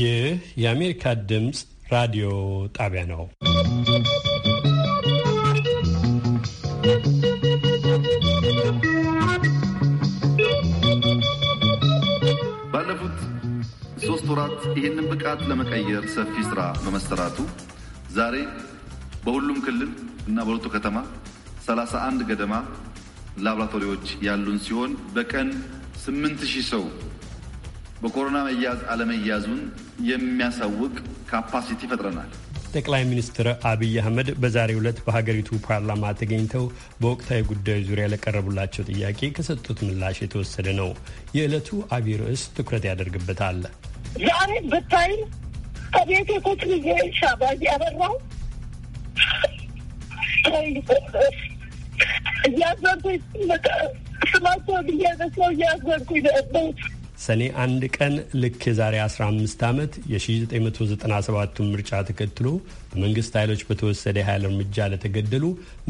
ይህ የአሜሪካ ድምፅ ራዲዮ ጣቢያ ነው። ባለፉት ሶስት ወራት ይህንን ብቃት ለመቀየር ሰፊ ስራ በመሰራቱ ዛሬ በሁሉም ክልል እና በሁለቱ ከተማ 31 ገደማ ላብራቶሪዎች ያሉን ሲሆን በቀን 8000 ሰው በኮሮና መያዝ አለመያዙን የሚያሳውቅ ካፓሲቲ ፈጥረናል። ጠቅላይ ሚኒስትር አብይ አህመድ በዛሬው ዕለት በሀገሪቱ ፓርላማ ተገኝተው በወቅታዊ ጉዳዮች ዙሪያ ለቀረቡላቸው ጥያቄ ከሰጡት ምላሽ የተወሰደ ነው። የዕለቱ አብይ ርዕስ ትኩረት ያደርግበታል። ዛሬ ብታይ ከቤት ቁጭ ጊዜ ሻባዝ ያበራው ሰኔ አንድ ቀን ልክ የዛሬ 15 ዓመት የ1997ቱን ምርጫ ተከትሎ በመንግስት ኃይሎች በተወሰደ የኃይል እርምጃ ለተገደሉ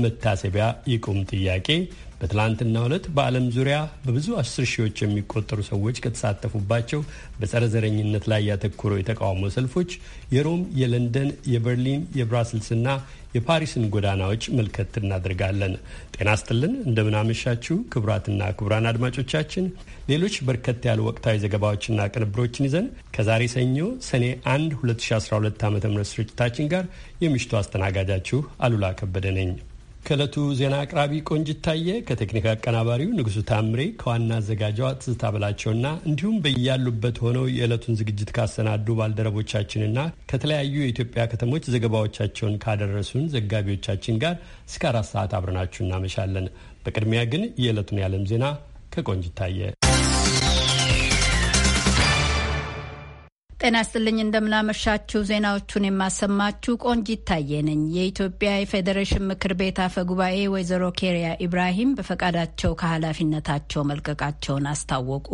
መታሰቢያ ይቁም ጥያቄ በትላንትና ዕለት በዓለም ዙሪያ በብዙ አስር ሺዎች የሚቆጠሩ ሰዎች ከተሳተፉባቸው በጸረ ዘረኝነት ላይ ያተኮሩ የተቃውሞ ሰልፎች የሮም፣ የለንደን፣ የበርሊን፣ የብራስልስና የፓሪስን ጎዳናዎች መልከት እናደርጋለን። ጤና ስጥልን እንደምናመሻችሁ ክቡራትና ክቡራን አድማጮቻችን ሌሎች በርከት ያሉ ወቅታዊ ዘገባዎችና ቅንብሮችን ይዘን ከዛሬ ሰኞ ሰኔ 1 2012 ዓ ም ስርጭታችን ጋር የምሽቱ አስተናጋጃችሁ አሉላ ከበደ ነኝ። ከእለቱ ዜና አቅራቢ ቆንጅት ታየ፣ ከቴክኒክ አቀናባሪው ንጉሱ ታምሬ፣ ከዋና አዘጋጇ ትዝታ ብላቸውና እንዲሁም በያሉበት ሆነው የዕለቱን ዝግጅት ካሰናዱ ባልደረቦቻችንና ከተለያዩ የኢትዮጵያ ከተሞች ዘገባዎቻቸውን ካደረሱን ዘጋቢዎቻችን ጋር እስከ አራት ሰዓት አብረናችሁ እናመሻለን። በቅድሚያ ግን የዕለቱን የዓለም ዜና ከቆንጅት ታየ ጤና ይስጥልኝ እንደምናመሻችሁ። ዜናዎቹን የማሰማችሁ ቆንጅ ታዬ ነኝ። የኢትዮጵያ የፌዴሬሽን ምክር ቤት አፈ ጉባኤ ወይዘሮ ኬሪያ ኢብራሂም በፈቃዳቸው ከኃላፊነታቸው መልቀቃቸውን አስታወቁ።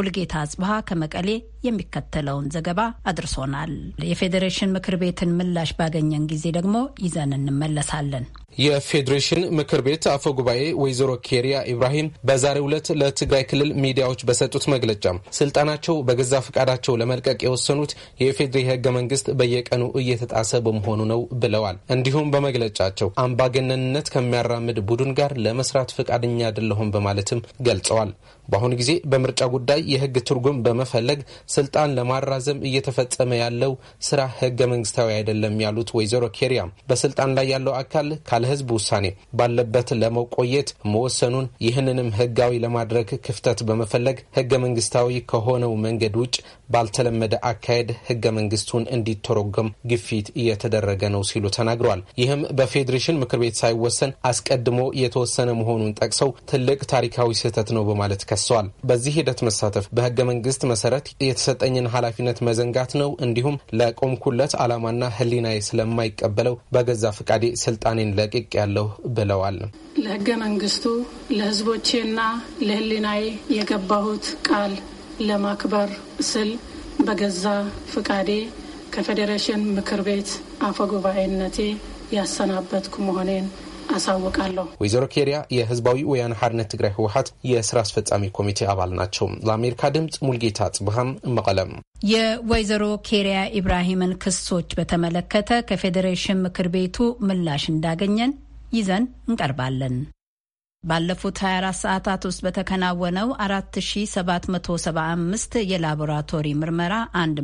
ውልጌታ አጽብሃ ከመቀሌ የሚከተለውን ዘገባ አድርሶናል። የፌዴሬሽን ምክር ቤትን ምላሽ ባገኘን ጊዜ ደግሞ ይዘን እንመለሳለን። የፌዴሬሽን ምክር ቤት አፈ ጉባኤ ወይዘሮ ኬሪያ ኢብራሂም በዛሬው ዕለት ለትግራይ ክልል ሚዲያዎች በሰጡት መግለጫ ስልጣናቸው በገዛ ፈቃዳቸው ለመልቀቅ የወሰኑት የፌዴሬ ህገ መንግስት በየቀኑ እየተጣሰ በመሆኑ ነው ብለዋል። እንዲሁም በመግለጫቸው አምባገነንነት ከሚያራምድ ቡድን ጋር ለመስራት ፈቃደኛ አይደለሁም በማለትም ገልጸዋል። በአሁኑ ጊዜ በምርጫ ጉዳይ የህግ ትርጉም በመፈለግ ስልጣን ለማራዘም እየተፈጸመ ያለው ስራ ህገ መንግስታዊ አይደለም ያሉት ወይዘሮ ኬሪያም በስልጣን ላይ ያለው አካል ካለ ህዝብ ውሳኔ ባለበት ለመቆየት መወሰኑን ይህንንም ህጋዊ ለማድረግ ክፍተት በመፈለግ ህገ መንግስታዊ ከሆነው መንገድ ውጭ ባልተለመደ አካሄድ ህገ መንግስቱን እንዲተረጎም ግፊት እየተደረገ ነው ሲሉ ተናግረዋል። ይህም በፌዴሬሽን ምክር ቤት ሳይወሰን አስቀድሞ የተወሰነ መሆኑን ጠቅሰው ትልቅ ታሪካዊ ስህተት ነው በማለት ከሰዋል። በዚህ ሂደት መሳተፍ በህገ መንግስት መሰረት የተሰጠኝን ኃላፊነት መዘንጋት ነው፣ እንዲሁም ለቆምኩለት አላማና ህሊናዬ ስለማይቀበለው በገዛ ፈቃዴ ስልጣኔን ለቅቅ ያለሁ ብለዋል። ለህገ መንግስቱ ለህዝቦቼና ለህሊናዬ የገባሁት ቃል ለማክበር ስል በገዛ ፍቃዴ ከፌዴሬሽን ምክር ቤት አፈ ጉባኤነቴ ያሰናበትኩ መሆኔን አሳውቃለሁ። ወይዘሮ ኬሪያ የህዝባዊ ወያነ ሓርነት ትግራይ ህወሀት የስራ አስፈጻሚ ኮሚቴ አባል ናቸው። ለአሜሪካ ድምፅ ሙልጌታ ጽብሃም መቀለም። የወይዘሮ ኬሪያ ኢብራሂምን ክሶች በተመለከተ ከፌዴሬሽን ምክር ቤቱ ምላሽ እንዳገኘን ይዘን እንቀርባለን። ባለፉት 24 ሰዓታት ውስጥ በተከናወነው 4775 የላቦራቶሪ ምርመራ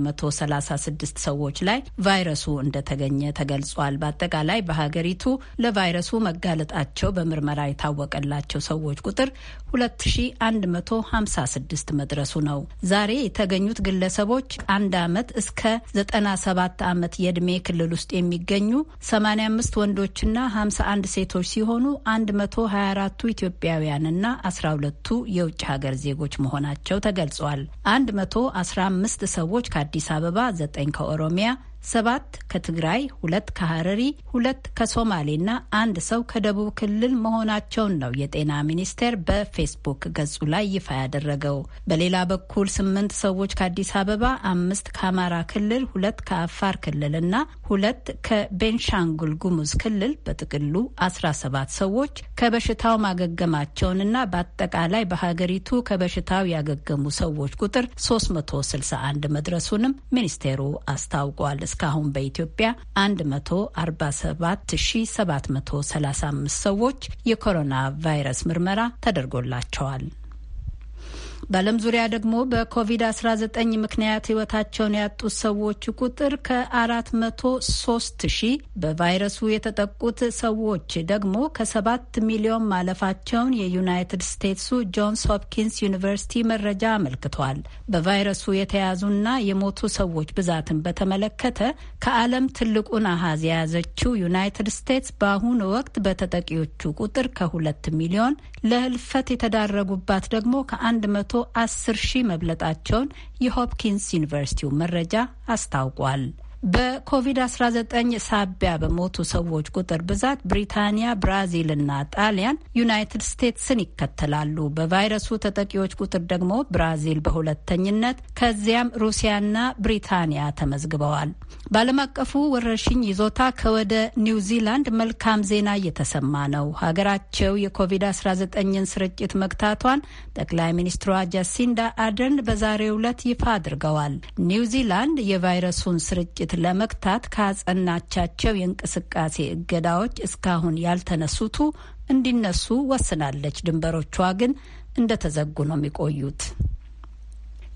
136 ሰዎች ላይ ቫይረሱ እንደተገኘ ተገልጿል። በአጠቃላይ በሀገሪቱ ለቫይረሱ መጋለጣቸው በምርመራ የታወቀላቸው ሰዎች ቁጥር 2156 መድረሱ ነው። ዛሬ የተገኙት ግለሰቦች አንድ ዓመት እስከ 97 ዓመት የዕድሜ ክልል ውስጥ የሚገኙ 85 ወንዶችና 51 ሴቶች ሲሆኑ 124ቱ ኢትዮጵያውያንና 12ቱ የውጭ ሀገር ዜጎች መሆናቸው ተገልጿል። 115 ሰዎች ከአዲስ አበባ፣ 9 ከኦሮሚያ ሰባት ከትግራይ፣ ሁለት ከሀረሪ፣ ሁለት ከሶማሌና አንድ ሰው ከደቡብ ክልል መሆናቸውን ነው የጤና ሚኒስቴር በፌስቡክ ገጹ ላይ ይፋ ያደረገው። በሌላ በኩል ስምንት ሰዎች ከአዲስ አበባ፣ አምስት ከአማራ ክልል፣ ሁለት ከአፋር ክልል እና ሁለት ከቤንሻንጉል ጉሙዝ ክልል በጥቅሉ አስራ ሰባት ሰዎች ከበሽታው ማገገማቸውንና በአጠቃላይ በሀገሪቱ ከበሽታው ያገገሙ ሰዎች ቁጥር አንድ መድረሱንም ሚኒስቴሩ አስታውቋል። እስካሁን በኢትዮጵያ 147735 ሰዎች የኮሮና ቫይረስ ምርመራ ተደርጎላቸዋል። በዓለም ዙሪያ ደግሞ በኮቪድ-19 ምክንያት ህይወታቸውን ያጡት ሰዎች ቁጥር ከ403 ሺህ፣ በቫይረሱ የተጠቁት ሰዎች ደግሞ ከ7 ሚሊዮን ማለፋቸውን የዩናይትድ ስቴትሱ ጆንስ ሆፕኪንስ ዩኒቨርሲቲ መረጃ አመልክቷል። በቫይረሱ የተያዙና የሞቱ ሰዎች ብዛትን በተመለከተ ከዓለም ትልቁን አሃዝ የያዘችው ዩናይትድ ስቴትስ በአሁኑ ወቅት በተጠቂዎቹ ቁጥር ከ2 ሚሊዮን ለህልፈት የተዳረጉባት ደግሞ ከ100 አስር ሺህ መብለጣቸውን የሆፕኪንስ ዩኒቨርሲቲው መረጃ አስታውቋል። በኮቪድ-19 ሳቢያ በሞቱ ሰዎች ቁጥር ብዛት ብሪታንያ፣ ብራዚልና ጣሊያን ዩናይትድ ስቴትስን ይከተላሉ። በቫይረሱ ተጠቂዎች ቁጥር ደግሞ ብራዚል በሁለተኝነት ከዚያም ሩሲያና ብሪታንያ ተመዝግበዋል። በዓለም አቀፉ ወረርሽኝ ይዞታ ከወደ ኒውዚላንድ መልካም ዜና እየተሰማ ነው። ሀገራቸው የኮቪድ-19ን ስርጭት መግታቷን ጠቅላይ ሚኒስትሯ ጃሲንዳ አደርን በዛሬው ዕለት ይፋ አድርገዋል። ኒውዚላንድ የቫይረሱን ስርጭት ግጭት ለመግታት ካጸናቻቸው የእንቅስቃሴ እገዳዎች እስካሁን ያልተነሱቱ እንዲነሱ ወስናለች። ድንበሮቿ ግን እንደተዘጉ ነው የሚቆዩት።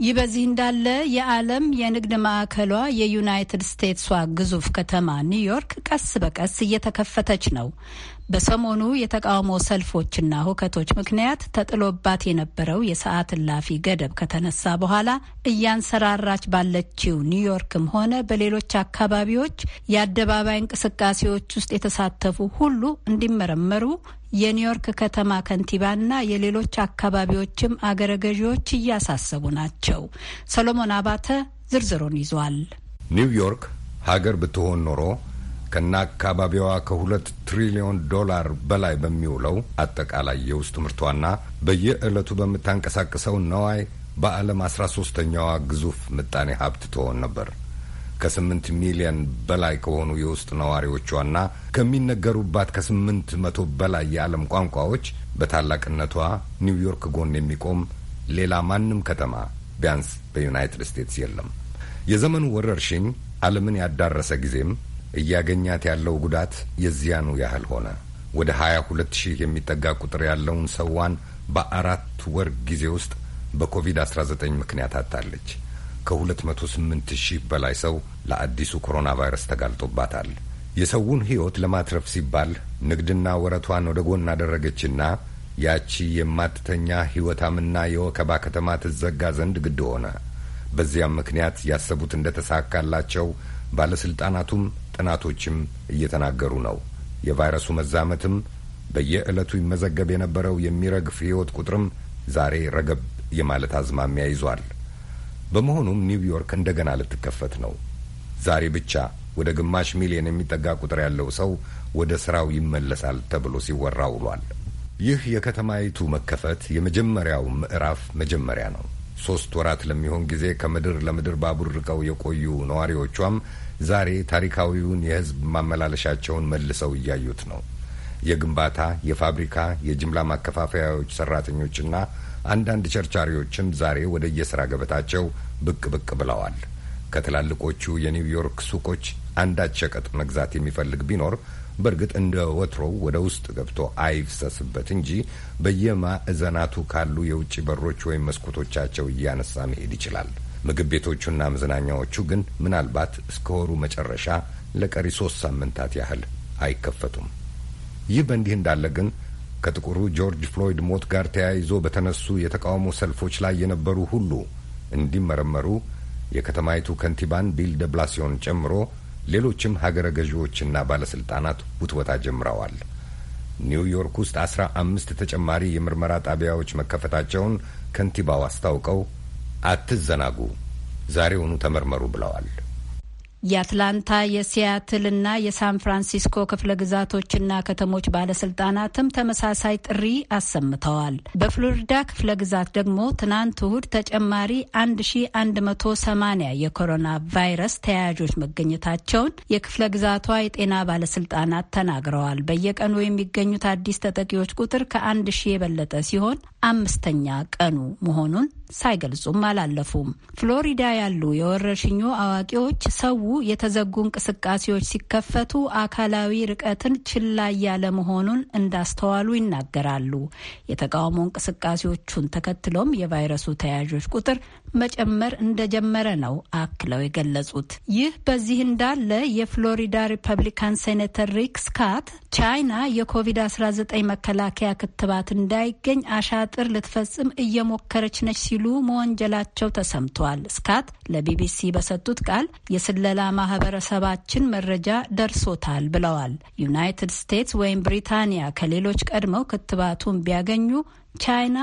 ይህ በዚህ እንዳለ የዓለም የንግድ ማዕከሏ የዩናይትድ ስቴትሷ ግዙፍ ከተማ ኒውዮርክ ቀስ በቀስ እየተከፈተች ነው። በሰሞኑ የተቃውሞ ሰልፎችና ሁከቶች ምክንያት ተጥሎባት የነበረው የሰዓት እላፊ ገደብ ከተነሳ በኋላ እያንሰራራች ባለችው ኒውዮርክም ሆነ በሌሎች አካባቢዎች የአደባባይ እንቅስቃሴዎች ውስጥ የተሳተፉ ሁሉ እንዲመረመሩ የኒውዮርክ ከተማ ከንቲባና የሌሎች አካባቢዎችም አገረ ገዢዎች እያሳሰቡ ናቸው። ሰሎሞን አባተ ዝርዝሩን ይዟል። ኒውዮርክ ሀገር ብትሆን ኖሮ ከና አካባቢዋ ከሁለት ትሪሊዮን ዶላር በላይ በሚውለው አጠቃላይ የውስጥ ምርቷና በየዕለቱ በምታንቀሳቅሰው ነዋይ በዓለም አስራ ሶስተኛዋ ግዙፍ ምጣኔ ሀብት ትሆን ነበር። ከስምንት ሚሊዮን በላይ ከሆኑ የውስጥ ነዋሪዎቿና ከሚነገሩባት ከስምንት መቶ በላይ የዓለም ቋንቋዎች በታላቅነቷ ኒውዮርክ ጎን የሚቆም ሌላ ማንም ከተማ ቢያንስ በዩናይትድ ስቴትስ የለም። የዘመኑ ወረርሽኝ ዓለምን ያዳረሰ ጊዜም እያገኛት ያለው ጉዳት የዚያኑ ያህል ሆነ። ወደ 22 ሺህ የሚጠጋ ቁጥር ያለውን ሰዋን በአራት ወር ጊዜ ውስጥ በኮቪድ-19 ምክንያት አጣለች። ከ208 ሺህ በላይ ሰው ለአዲሱ ኮሮና ቫይረስ ተጋልጦባታል። የሰውን ሕይወት ለማትረፍ ሲባል ንግድና ወረቷን ወደ ጎን አደረገችና ያቺ የማትተኛ ሕይወታምና የወከባ ከተማ ትዘጋ ዘንድ ግድ ሆነ። በዚያም ምክንያት ያሰቡት እንደተሳካላቸው ባለሥልጣናቱም ጥናቶችም እየተናገሩ ነው። የቫይረሱ መዛመትም በየዕለቱ ይመዘገብ የነበረው የሚረግፍ ሕይወት ቁጥርም ዛሬ ረገብ የማለት አዝማሚያ ይዟል። በመሆኑም ኒውዮርክ እንደገና ልትከፈት ነው። ዛሬ ብቻ ወደ ግማሽ ሚሊዮን የሚጠጋ ቁጥር ያለው ሰው ወደ ስራው ይመለሳል ተብሎ ሲወራ ውሏል። ይህ የከተማይቱ መከፈት የመጀመሪያው ምዕራፍ መጀመሪያ ነው። ሶስት ወራት ለሚሆን ጊዜ ከምድር ለምድር ባቡር ርቀው የቆዩ ነዋሪዎቿም ዛሬ ታሪካዊውን የህዝብ ማመላለሻቸውን መልሰው እያዩት ነው። የግንባታ፣ የፋብሪካ፣ የጅምላ ማከፋፈያዎች ሰራተኞችና አንዳንድ ቸርቻሪዎችም ዛሬ ወደ የስራ ገበታቸው ብቅ ብቅ ብለዋል። ከትላልቆቹ የኒውዮርክ ሱቆች አንዳች ሸቀጥ መግዛት የሚፈልግ ቢኖር በእርግጥ እንደ ወትሮው ወደ ውስጥ ገብቶ አይፍሰስበት እንጂ በየማዕዘናቱ ካሉ የውጭ በሮች ወይም መስኮቶቻቸው እያነሳ መሄድ ይችላል። ምግብ ቤቶቹና መዝናኛዎቹ ግን ምናልባት እስከ ወሩ መጨረሻ ለቀሪ ሶስት ሳምንታት ያህል አይከፈቱም። ይህ በእንዲህ እንዳለ ግን ከጥቁሩ ጆርጅ ፍሎይድ ሞት ጋር ተያይዞ በተነሱ የተቃውሞ ሰልፎች ላይ የነበሩ ሁሉ እንዲመረመሩ የከተማይቱ ከንቲባን ቢል ደብላሲዮን ጨምሮ ሌሎችም ሀገረ ገዢዎችና ባለስልጣናት ውትወታ ጀምረዋል። ኒውዮርክ ውስጥ አስራ አምስት ተጨማሪ የምርመራ ጣቢያዎች መከፈታቸውን ከንቲባው አስታውቀው አትዘናጉ፣ ዛሬውኑ ተመርመሩ ብለዋል። የአትላንታ የሲያትል እና የሳን ፍራንሲስኮ ክፍለ ግዛቶችና ከተሞች ባለስልጣናትም ተመሳሳይ ጥሪ አሰምተዋል። በፍሎሪዳ ክፍለ ግዛት ደግሞ ትናንት እሁድ ተጨማሪ 1180 የኮሮና ቫይረስ ተያያዦች መገኘታቸውን የክፍለ ግዛቷ የጤና ባለስልጣናት ተናግረዋል። በየቀኑ የሚገኙት አዲስ ተጠቂዎች ቁጥር ከአንድ ሺህ የበለጠ ሲሆን አምስተኛ ቀኑ መሆኑን ሳይገልጹም አላለፉም። ፍሎሪዳ ያሉ የወረርሽኙ አዋቂዎች ሰው የተዘጉ እንቅስቃሴዎች ሲከፈቱ አካላዊ ርቀትን ችላ እያለ መሆኑን እንዳስተዋሉ ይናገራሉ። የተቃውሞ እንቅስቃሴዎቹን ተከትሎም የቫይረሱ ተያዦች ቁጥር መጨመር እንደጀመረ ነው አክለው የገለጹት። ይህ በዚህ እንዳለ የፍሎሪዳ ሪፐብሊካን ሴኔተር ሪክ ስካት ቻይና የኮቪድ-19 መከላከያ ክትባት እንዳይገኝ አሻጥር ልትፈጽም እየሞከረች ነች ሲሉ መወንጀላቸው ተሰምቷል። ስካት ለቢቢሲ በሰጡት ቃል የስለላ ማህበረሰባችን መረጃ ደርሶታል ብለዋል። ዩናይትድ ስቴትስ ወይም ብሪታንያ ከሌሎች ቀድመው ክትባቱን ቢያገኙ ቻይና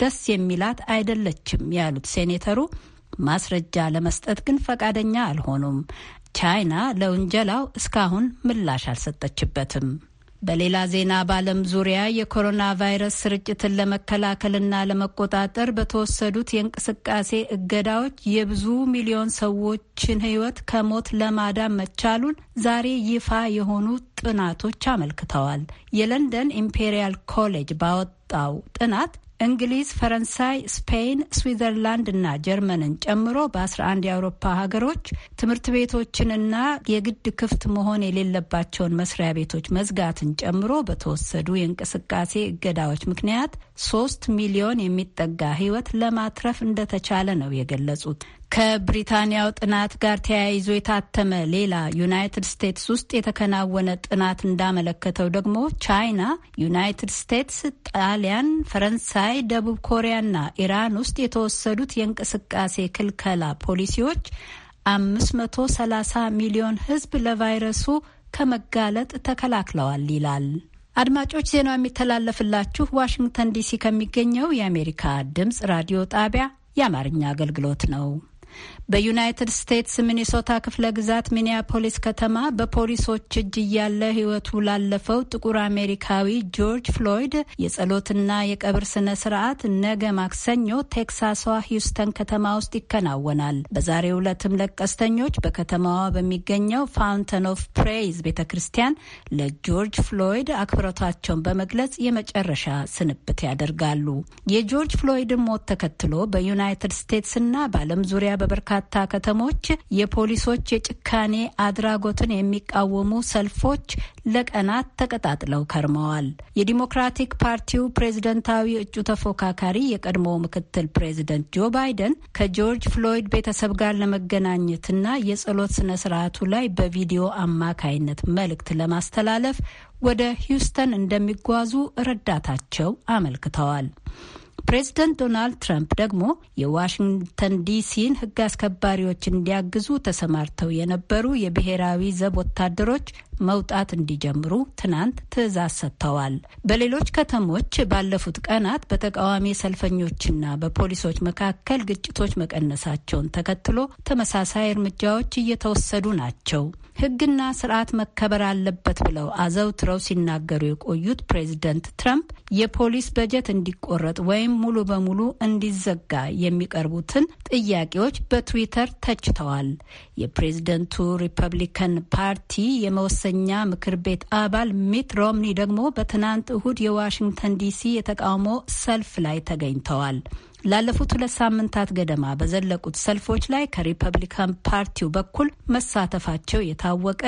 ደስ የሚላት አይደለችም ያሉት ሴኔተሩ ማስረጃ ለመስጠት ግን ፈቃደኛ አልሆኑም። ቻይና ለውንጀላው እስካሁን ምላሽ አልሰጠችበትም። በሌላ ዜና በዓለም ዙሪያ የኮሮና ቫይረስ ስርጭትን ለመከላከልና ለመቆጣጠር በተወሰዱት የእንቅስቃሴ እገዳዎች የብዙ ሚሊዮን ሰዎችን ሕይወት ከሞት ለማዳን መቻሉን ዛሬ ይፋ የሆኑ ጥናቶች አመልክተዋል። የለንደን ኢምፔሪያል ኮሌጅ ባወጣው ጥናት እንግሊዝ፣ ፈረንሳይ፣ ስፔን፣ ስዊዘርላንድ እና ጀርመንን ጨምሮ በ11 የአውሮፓ ሀገሮች ትምህርት ቤቶችንና የግድ ክፍት መሆን የሌለባቸውን መስሪያ ቤቶች መዝጋትን ጨምሮ በተወሰዱ የእንቅስቃሴ እገዳዎች ምክንያት ሶስት ሚሊዮን የሚጠጋ ሕይወት ለማትረፍ እንደተቻለ ነው የገለጹት። ከብሪታንያው ጥናት ጋር ተያይዞ የታተመ ሌላ ዩናይትድ ስቴትስ ውስጥ የተከናወነ ጥናት እንዳመለከተው ደግሞ ቻይና፣ ዩናይትድ ስቴትስ፣ ጣሊያን፣ ፈረንሳይ፣ ደቡብ ኮሪያና ኢራን ውስጥ የተወሰዱት የእንቅስቃሴ ክልከላ ፖሊሲዎች 530 ሚሊዮን ሕዝብ ለቫይረሱ ከመጋለጥ ተከላክለዋል ይላል። አድማጮች ዜናው የሚተላለፍላችሁ ዋሽንግተን ዲሲ ከሚገኘው የአሜሪካ ድምፅ ራዲዮ ጣቢያ የአማርኛ አገልግሎት ነው። በዩናይትድ ስቴትስ ሚኒሶታ ክፍለ ግዛት ሚኒያፖሊስ ከተማ በፖሊሶች እጅ እያለ ሕይወቱ ላለፈው ጥቁር አሜሪካዊ ጆርጅ ፍሎይድ የጸሎትና የቀብር ስነ ስርዓት ነገ ማክሰኞ ቴክሳስዋ ሂውስተን ከተማ ውስጥ ይከናወናል። በዛሬው ዕለትም ለቀስተኞች በከተማዋ በሚገኘው ፋውንተን ኦፍ ፕሬይዝ ቤተ ክርስቲያን ለጆርጅ ፍሎይድ አክብሮታቸውን በመግለጽ የመጨረሻ ስንብት ያደርጋሉ። የጆርጅ ፍሎይድን ሞት ተከትሎ በዩናይትድ ስቴትስና በዓለም ዙሪያ በበርካታ ከተሞች የፖሊሶች የጭካኔ አድራጎትን የሚቃወሙ ሰልፎች ለቀናት ተቀጣጥለው ከርመዋል። የዲሞክራቲክ ፓርቲው ፕሬዝደንታዊ እጩ ተፎካካሪ የቀድሞ ምክትል ፕሬዝደንት ጆ ባይደን ከጆርጅ ፍሎይድ ቤተሰብ ጋር ለመገናኘትና የጸሎት ስነ ስርዓቱ ላይ በቪዲዮ አማካይነት መልእክት ለማስተላለፍ ወደ ሂውስተን እንደሚጓዙ ረዳታቸው አመልክተዋል። ፕሬዝደንት ዶናልድ ትራምፕ ደግሞ የዋሽንግተን ዲሲን ሕግ አስከባሪዎች እንዲያግዙ ተሰማርተው የነበሩ የብሔራዊ ዘብ ወታደሮች መውጣት እንዲጀምሩ ትናንት ትዕዛዝ ሰጥተዋል። በሌሎች ከተሞች ባለፉት ቀናት በተቃዋሚ ሰልፈኞችና በፖሊሶች መካከል ግጭቶች መቀነሳቸውን ተከትሎ ተመሳሳይ እርምጃዎች እየተወሰዱ ናቸው። ሕግና ስርዓት መከበር አለበት ብለው አዘውትረው ሲናገሩ የቆዩት ፕሬዝደንት ትራምፕ የፖሊስ በጀት እንዲቆረጥ ወይም ሙሉ በሙሉ እንዲዘጋ የሚቀርቡትን ጥያቄዎች በትዊተር ተችተዋል። የፕሬዝደንቱ ሪፐብሊካን ፓርቲ የመወሰኛ ምክር ቤት አባል ሚት ሮምኒ ደግሞ በትናንት እሁድ የዋሽንግተን ዲሲ የተቃውሞ ሰልፍ ላይ ተገኝተዋል። ላለፉት ሁለት ሳምንታት ገደማ በዘለቁት ሰልፎች ላይ ከሪፐብሊካን ፓርቲው በኩል መሳተፋቸው የታወቀ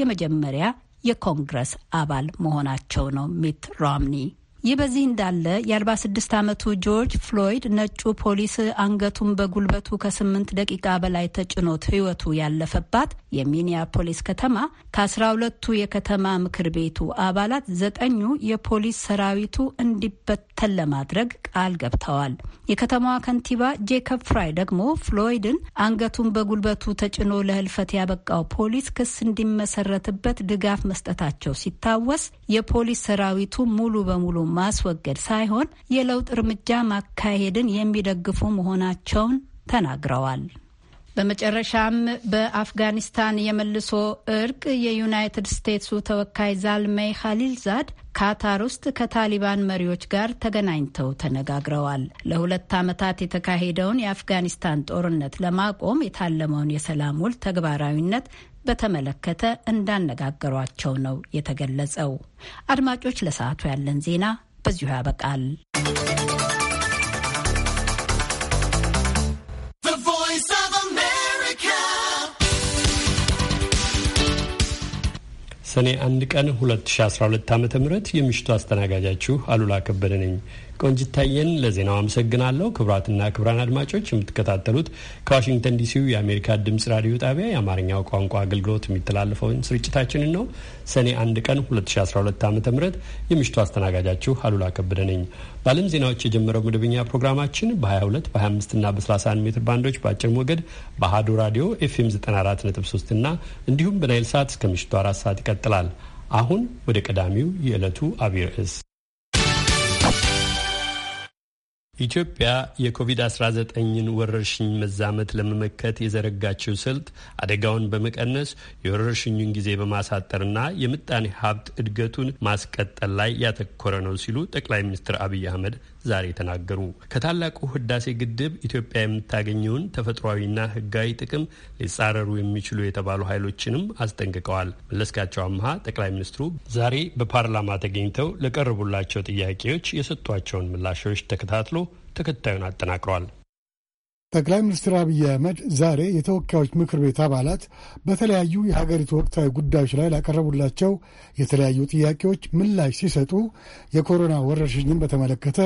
የመጀመሪያ የኮንግረስ አባል መሆናቸው ነው ሚት ሮምኒ። ይህ በዚህ እንዳለ የ46 ዓመቱ ጆርጅ ፍሎይድ ነጩ ፖሊስ አንገቱን በጉልበቱ ከስምንት ደቂቃ በላይ ተጭኖት ሕይወቱ ያለፈባት የሚኒያፖሊስ ከተማ ከአስራ ሁለቱ የከተማ ምክር ቤቱ አባላት ዘጠኙ የፖሊስ ሰራዊቱ እንዲበተን ለማድረግ ቃል ገብተዋል። የከተማዋ ከንቲባ ጄኮብ ፍራይ ደግሞ ፍሎይድን አንገቱን በጉልበቱ ተጭኖ ለህልፈት ያበቃው ፖሊስ ክስ እንዲመሰረትበት ድጋፍ መስጠታቸው ሲታወስ የፖሊስ ሰራዊቱ ሙሉ በሙሉ ማስወገድ ሳይሆን የለውጥ እርምጃ ማካሄድን የሚደግፉ መሆናቸውን ተናግረዋል። በመጨረሻም በአፍጋኒስታን የመልሶ እርቅ የዩናይትድ ስቴትሱ ተወካይ ዛልሜይ ዛድ ካታር ውስጥ ከታሊባን መሪዎች ጋር ተገናኝተው ተነጋግረዋል። ለሁለት ዓመታት የተካሄደውን የአፍጋኒስታን ጦርነት ለማቆም የታለመውን የሰላም ውል ተግባራዊነት በተመለከተ እንዳነጋገሯቸው ነው የተገለጸው። አድማጮች፣ ለሰዓቱ ያለን ዜና በዚሁ ያበቃል። ሰኔ አንድ ቀን 2012 ዓ ም የምሽቱ አስተናጋጃችሁ አሉላ ከበደ ነኝ። ቆንጅታየን ለዜናው አመሰግናለሁ። ክቡራትና ክቡራን አድማጮች የምትከታተሉት ከዋሽንግተን ዲሲው የአሜሪካ ድምጽ ራዲዮ ጣቢያ የአማርኛው ቋንቋ አገልግሎት የሚተላለፈውን ስርጭታችንን ነው። ሰኔ አንድ ቀን 2012 ዓ ም የምሽቱ አስተናጋጃችሁ አሉላ ከበደ ነኝ። በዓለም ዜናዎች የጀመረው መደበኛ ፕሮግራማችን በ22 በ25ና በ31 ሜትር ባንዶች በአጭር ሞገድ በአሀዱ ራዲዮ ኤፍኤም 94.3 እና እንዲሁም በናይል ሰዓት እስከ ምሽቱ አራት ሰዓት ይቀጥላል። አሁን ወደ ቀዳሚው የዕለቱ አብይ ርዕስ ኢትዮጵያ የኮቪድ-19ን ወረርሽኝ መዛመት ለመመከት የዘረጋችው ስልት አደጋውን በመቀነስ የወረርሽኙን ጊዜ በማሳጠርና የምጣኔ ሀብት እድገቱን ማስቀጠል ላይ ያተኮረ ነው ሲሉ ጠቅላይ ሚኒስትር አብይ አህመድ ዛሬ ተናገሩ። ከታላቁ ህዳሴ ግድብ ኢትዮጵያ የምታገኘውን ተፈጥሯዊና ህጋዊ ጥቅም ሊጻረሩ የሚችሉ የተባሉ ኃይሎችንም አስጠንቅቀዋል። መለስካቸው አምሃ ጠቅላይ ሚኒስትሩ ዛሬ በፓርላማ ተገኝተው ለቀረቡላቸው ጥያቄዎች የሰጧቸውን ምላሾች ተከታትሎ ተከታዩን አጠናቅሯል። ጠቅላይ ሚኒስትር አብይ አህመድ ዛሬ የተወካዮች ምክር ቤት አባላት በተለያዩ የሀገሪቱ ወቅታዊ ጉዳዮች ላይ ላቀረቡላቸው የተለያዩ ጥያቄዎች ምላሽ ሲሰጡ የኮሮና ወረርሽኝን በተመለከተ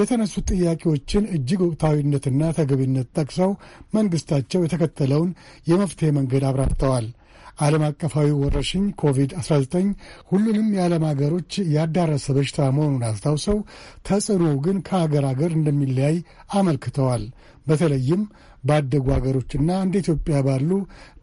የተነሱት ጥያቄዎችን እጅግ ወቅታዊነትና ተገቢነት ጠቅሰው መንግስታቸው የተከተለውን የመፍትሄ መንገድ አብራርተዋል። ዓለም አቀፋዊ ወረርሽኝ ኮቪድ-19 ሁሉንም የዓለም አገሮች ያዳረሰ በሽታ መሆኑን አስታውሰው ተጽዕኖው ግን ከአገር አገር እንደሚለያይ አመልክተዋል። በተለይም ባደጉ አገሮችና እንደ ኢትዮጵያ ባሉ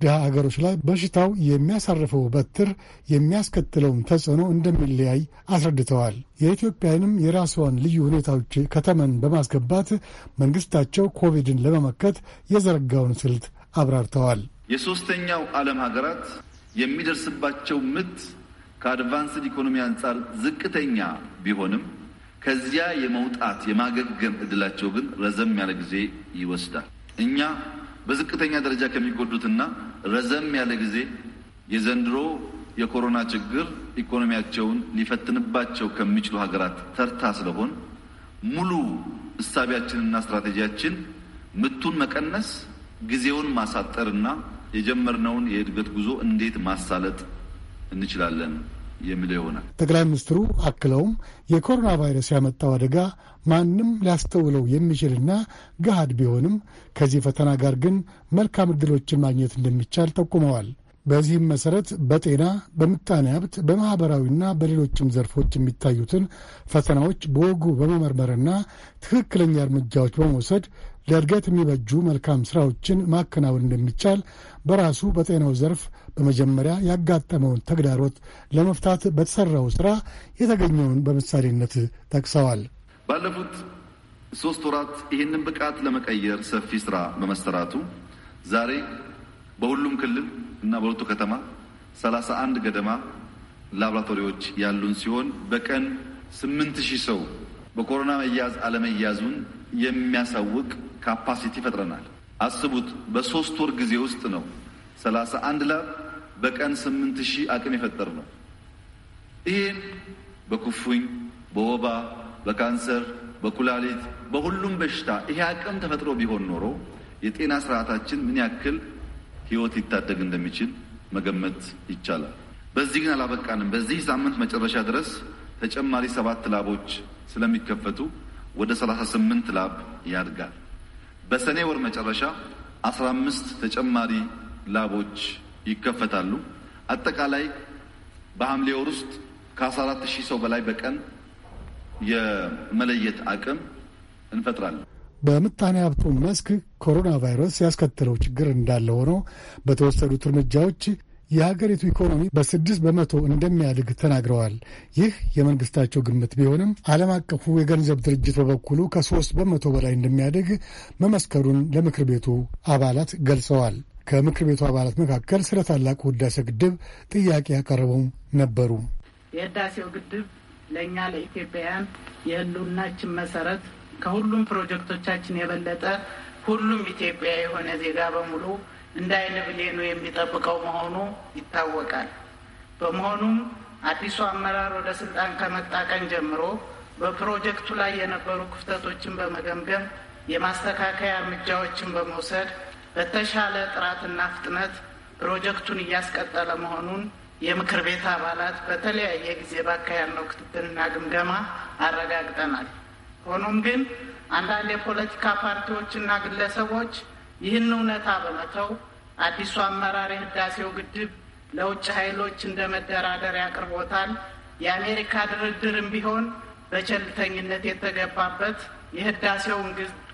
ድሃ አገሮች ላይ በሽታው የሚያሳርፈው በትር የሚያስከትለውን ተጽዕኖ እንደሚለያይ አስረድተዋል። የኢትዮጵያንም የራስዋን ልዩ ሁኔታዎች ከተመን በማስገባት መንግስታቸው ኮቪድን ለመመከት የዘረጋውን ስልት አብራርተዋል። የሶስተኛው ዓለም ሀገራት የሚደርስባቸው ምት ከአድቫንስድ ኢኮኖሚ አንጻር ዝቅተኛ ቢሆንም ከዚያ የመውጣት የማገገም እድላቸው ግን ረዘም ያለ ጊዜ ይወስዳል። እኛ በዝቅተኛ ደረጃ ከሚጎዱትና ረዘም ያለ ጊዜ የዘንድሮ የኮሮና ችግር ኢኮኖሚያቸውን ሊፈትንባቸው ከሚችሉ ሀገራት ተርታ ስለሆን ሙሉ እሳቢያችንና ስትራቴጂያችን ምቱን መቀነስ፣ ጊዜውን ማሳጠርና የጀመርነውን የእድገት ጉዞ እንዴት ማሳለጥ እንችላለን የምለው ይሆናል። ጠቅላይ ሚኒስትሩ አክለውም የኮሮና ቫይረስ ያመጣው አደጋ ማንም ሊያስተውለው የሚችልና ገሃድ ቢሆንም ከዚህ ፈተና ጋር ግን መልካም ዕድሎችን ማግኘት እንደሚቻል ጠቁመዋል። በዚህም መሰረት በጤና በምጣኔ ሀብት፣ በማኅበራዊና በሌሎችም ዘርፎች የሚታዩትን ፈተናዎች በወጉ በመመርመርና ትክክለኛ እርምጃዎች በመውሰድ ለእድገት የሚበጁ መልካም ሥራዎችን ማከናወን እንደሚቻል በራሱ በጤናው ዘርፍ በመጀመሪያ ያጋጠመውን ተግዳሮት ለመፍታት በተሰራው ስራ የተገኘውን በምሳሌነት ጠቅሰዋል። ባለፉት ሶስት ወራት ይህንን ብቃት ለመቀየር ሰፊ ስራ በመሰራቱ ዛሬ በሁሉም ክልል እና በሁለቱ ከተማ ሰላሳ አንድ ገደማ ላብራቶሪዎች ያሉን ሲሆን በቀን ስምንት ሺህ ሰው በኮሮና መያዝ አለመያዙን የሚያሳውቅ ካፓሲቲ ፈጥረናል። አስቡት፣ በሶስት ወር ጊዜ ውስጥ ነው ሰላሳ አንድ ላብ በቀን ስምንት ሺህ አቅም የፈጠር ነው። ይህን በኩፍኝ፣ በወባ፣ በካንሰር፣ በኩላሊት፣ በሁሉም በሽታ ይሄ አቅም ተፈጥሮ ቢሆን ኖሮ የጤና ስርዓታችን ምን ያክል ህይወት ሊታደግ እንደሚችል መገመት ይቻላል። በዚህ ግን አላበቃንም። በዚህ ሳምንት መጨረሻ ድረስ ተጨማሪ ሰባት ላቦች ስለሚከፈቱ ወደ 38 ላብ ያድጋል። በሰኔ ወር መጨረሻ 15 ተጨማሪ ላቦች ይከፈታሉ። አጠቃላይ በሐምሌ ወር ውስጥ ከ14 ሺህ ሰው በላይ በቀን የመለየት አቅም እንፈጥራለን። በምጣኔ ሀብቱ መስክ ኮሮና ቫይረስ ያስከተለው ችግር እንዳለ ሆኖ በተወሰዱት እርምጃዎች የሀገሪቱ ኢኮኖሚ በስድስት በመቶ እንደሚያድግ ተናግረዋል። ይህ የመንግስታቸው ግምት ቢሆንም ዓለም አቀፉ የገንዘብ ድርጅት በበኩሉ ከሶስት በመቶ በላይ እንደሚያድግ መመስከሩን ለምክር ቤቱ አባላት ገልጸዋል። ከምክር ቤቱ አባላት መካከል ስለ ታላቁ ህዳሴ ግድብ ጥያቄ ያቀረቡም ነበሩ። የህዳሴው ግድብ ለእኛ ለኢትዮጵያውያን የህልውናችን መሰረት ከሁሉም ፕሮጀክቶቻችን የበለጠ ሁሉም ኢትዮጵያ የሆነ ዜጋ በሙሉ እንደ አይነ ብሌኑ የሚጠብቀው መሆኑ ይታወቃል። በመሆኑም አዲሱ አመራር ወደ ስልጣን ከመጣ ቀን ጀምሮ በፕሮጀክቱ ላይ የነበሩ ክፍተቶችን በመገምገም የማስተካከያ እርምጃዎችን በመውሰድ በተሻለ ጥራትና ፍጥነት ፕሮጀክቱን እያስቀጠለ መሆኑን የምክር ቤት አባላት በተለያየ ጊዜ ባካያነው ክትትልና ግምገማ አረጋግጠናል። ሆኖም ግን አንዳንድ የፖለቲካ ፓርቲዎችና ግለሰቦች ይህን እውነታ በመተው አዲሱ አመራር የህዳሴው ግድብ ለውጭ ኃይሎች እንደ መደራደር አቅርቦታል፣ የአሜሪካ ድርድርም ቢሆን በቸልተኝነት የተገባበት የህዳሴውን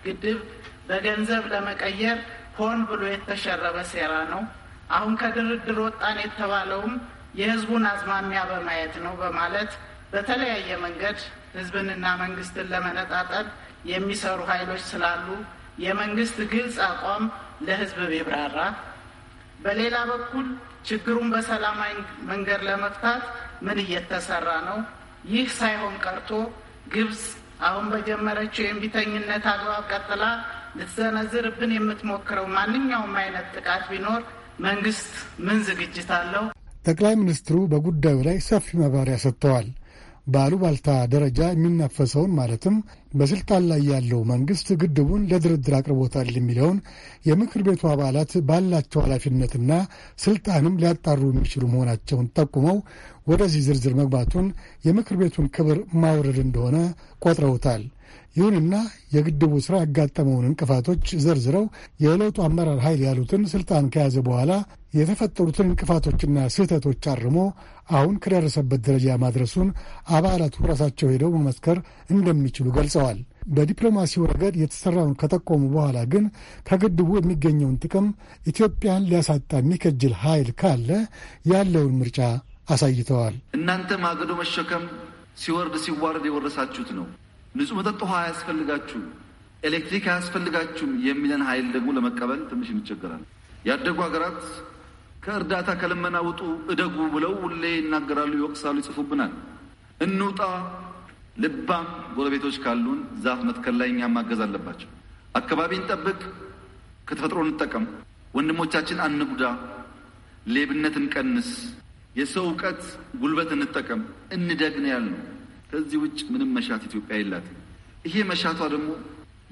ግድብ በገንዘብ ለመቀየር ሆን ብሎ የተሸረበ ሴራ ነው። አሁን ከድርድር ወጣን የተባለውም የህዝቡን አዝማሚያ በማየት ነው በማለት በተለያየ መንገድ ህዝብንና መንግስትን ለመነጣጠል የሚሰሩ ኃይሎች ስላሉ የመንግስት ግልጽ አቋም ለህዝብ ቢብራራ፣ በሌላ በኩል ችግሩን በሰላማዊ መንገድ ለመፍታት ምን እየተሰራ ነው? ይህ ሳይሆን ቀርቶ ግብጽ አሁን በጀመረችው የእምቢተኝነት አግባብ ቀጥላ ልትሰነዝርብን የምትሞክረው ማንኛውም አይነት ጥቃት ቢኖር መንግስት ምን ዝግጅት አለው? ጠቅላይ ሚኒስትሩ በጉዳዩ ላይ ሰፊ መብራሪያ ሰጥተዋል። በአሉባልታ ደረጃ የሚናፈሰውን ማለትም በስልጣን ላይ ያለው መንግስት ግድቡን ለድርድር አቅርቦታል የሚለውን የምክር ቤቱ አባላት ባላቸው ኃላፊነትና ስልጣንም ሊያጣሩ የሚችሉ መሆናቸውን ጠቁመው ወደዚህ ዝርዝር መግባቱን የምክር ቤቱን ክብር ማውረድ እንደሆነ ቆጥረውታል። ይሁንና የግድቡ ስራ ያጋጠመውን እንቅፋቶች ዘርዝረው የለውጡ አመራር ኃይል ያሉትን ስልጣን ከያዘ በኋላ የተፈጠሩትን እንቅፋቶችና ስህተቶች አርሞ አሁን ከደረሰበት ደረጃ ማድረሱን አባላቱ ራሳቸው ሄደው መመስከር እንደሚችሉ ገልጸዋል። በዲፕሎማሲው ረገድ የተሰራውን ከጠቆሙ በኋላ ግን ከግድቡ የሚገኘውን ጥቅም ኢትዮጵያን ሊያሳጣ የሚከጅል ኃይል ካለ ያለውን ምርጫ አሳይተዋል። እናንተ ማገዶ መሸከም ሲወርድ ሲዋረድ የወረሳችሁት ነው። ንጹህ መጠጥ ውሃ አያስፈልጋችሁም፣ ኤሌክትሪክ አያስፈልጋችሁም የሚለን ኃይል ደግሞ ለመቀበል ትንሽ ይቸገራል። ያደጉ ሀገራት ከእርዳታ ከልመና ውጡ፣ እደጉ ብለው ሁሌ ይናገራሉ፣ ይወቅሳሉ፣ ይጽፉብናል። እንውጣ። ልባም ጎረቤቶች ካሉን ዛፍ መትከል ላይ እኛ ማገዝ አለባቸው። አካባቢ እንጠብቅ፣ ከተፈጥሮ እንጠቀም፣ ወንድሞቻችን አንጉዳ፣ ሌብነት እንቀንስ፣ የሰው እውቀት ጉልበት እንጠቀም፣ እንደግን ያልነው ከዚህ ውጭ ምንም መሻት ኢትዮጵያ የላትም። ይሄ መሻቷ ደግሞ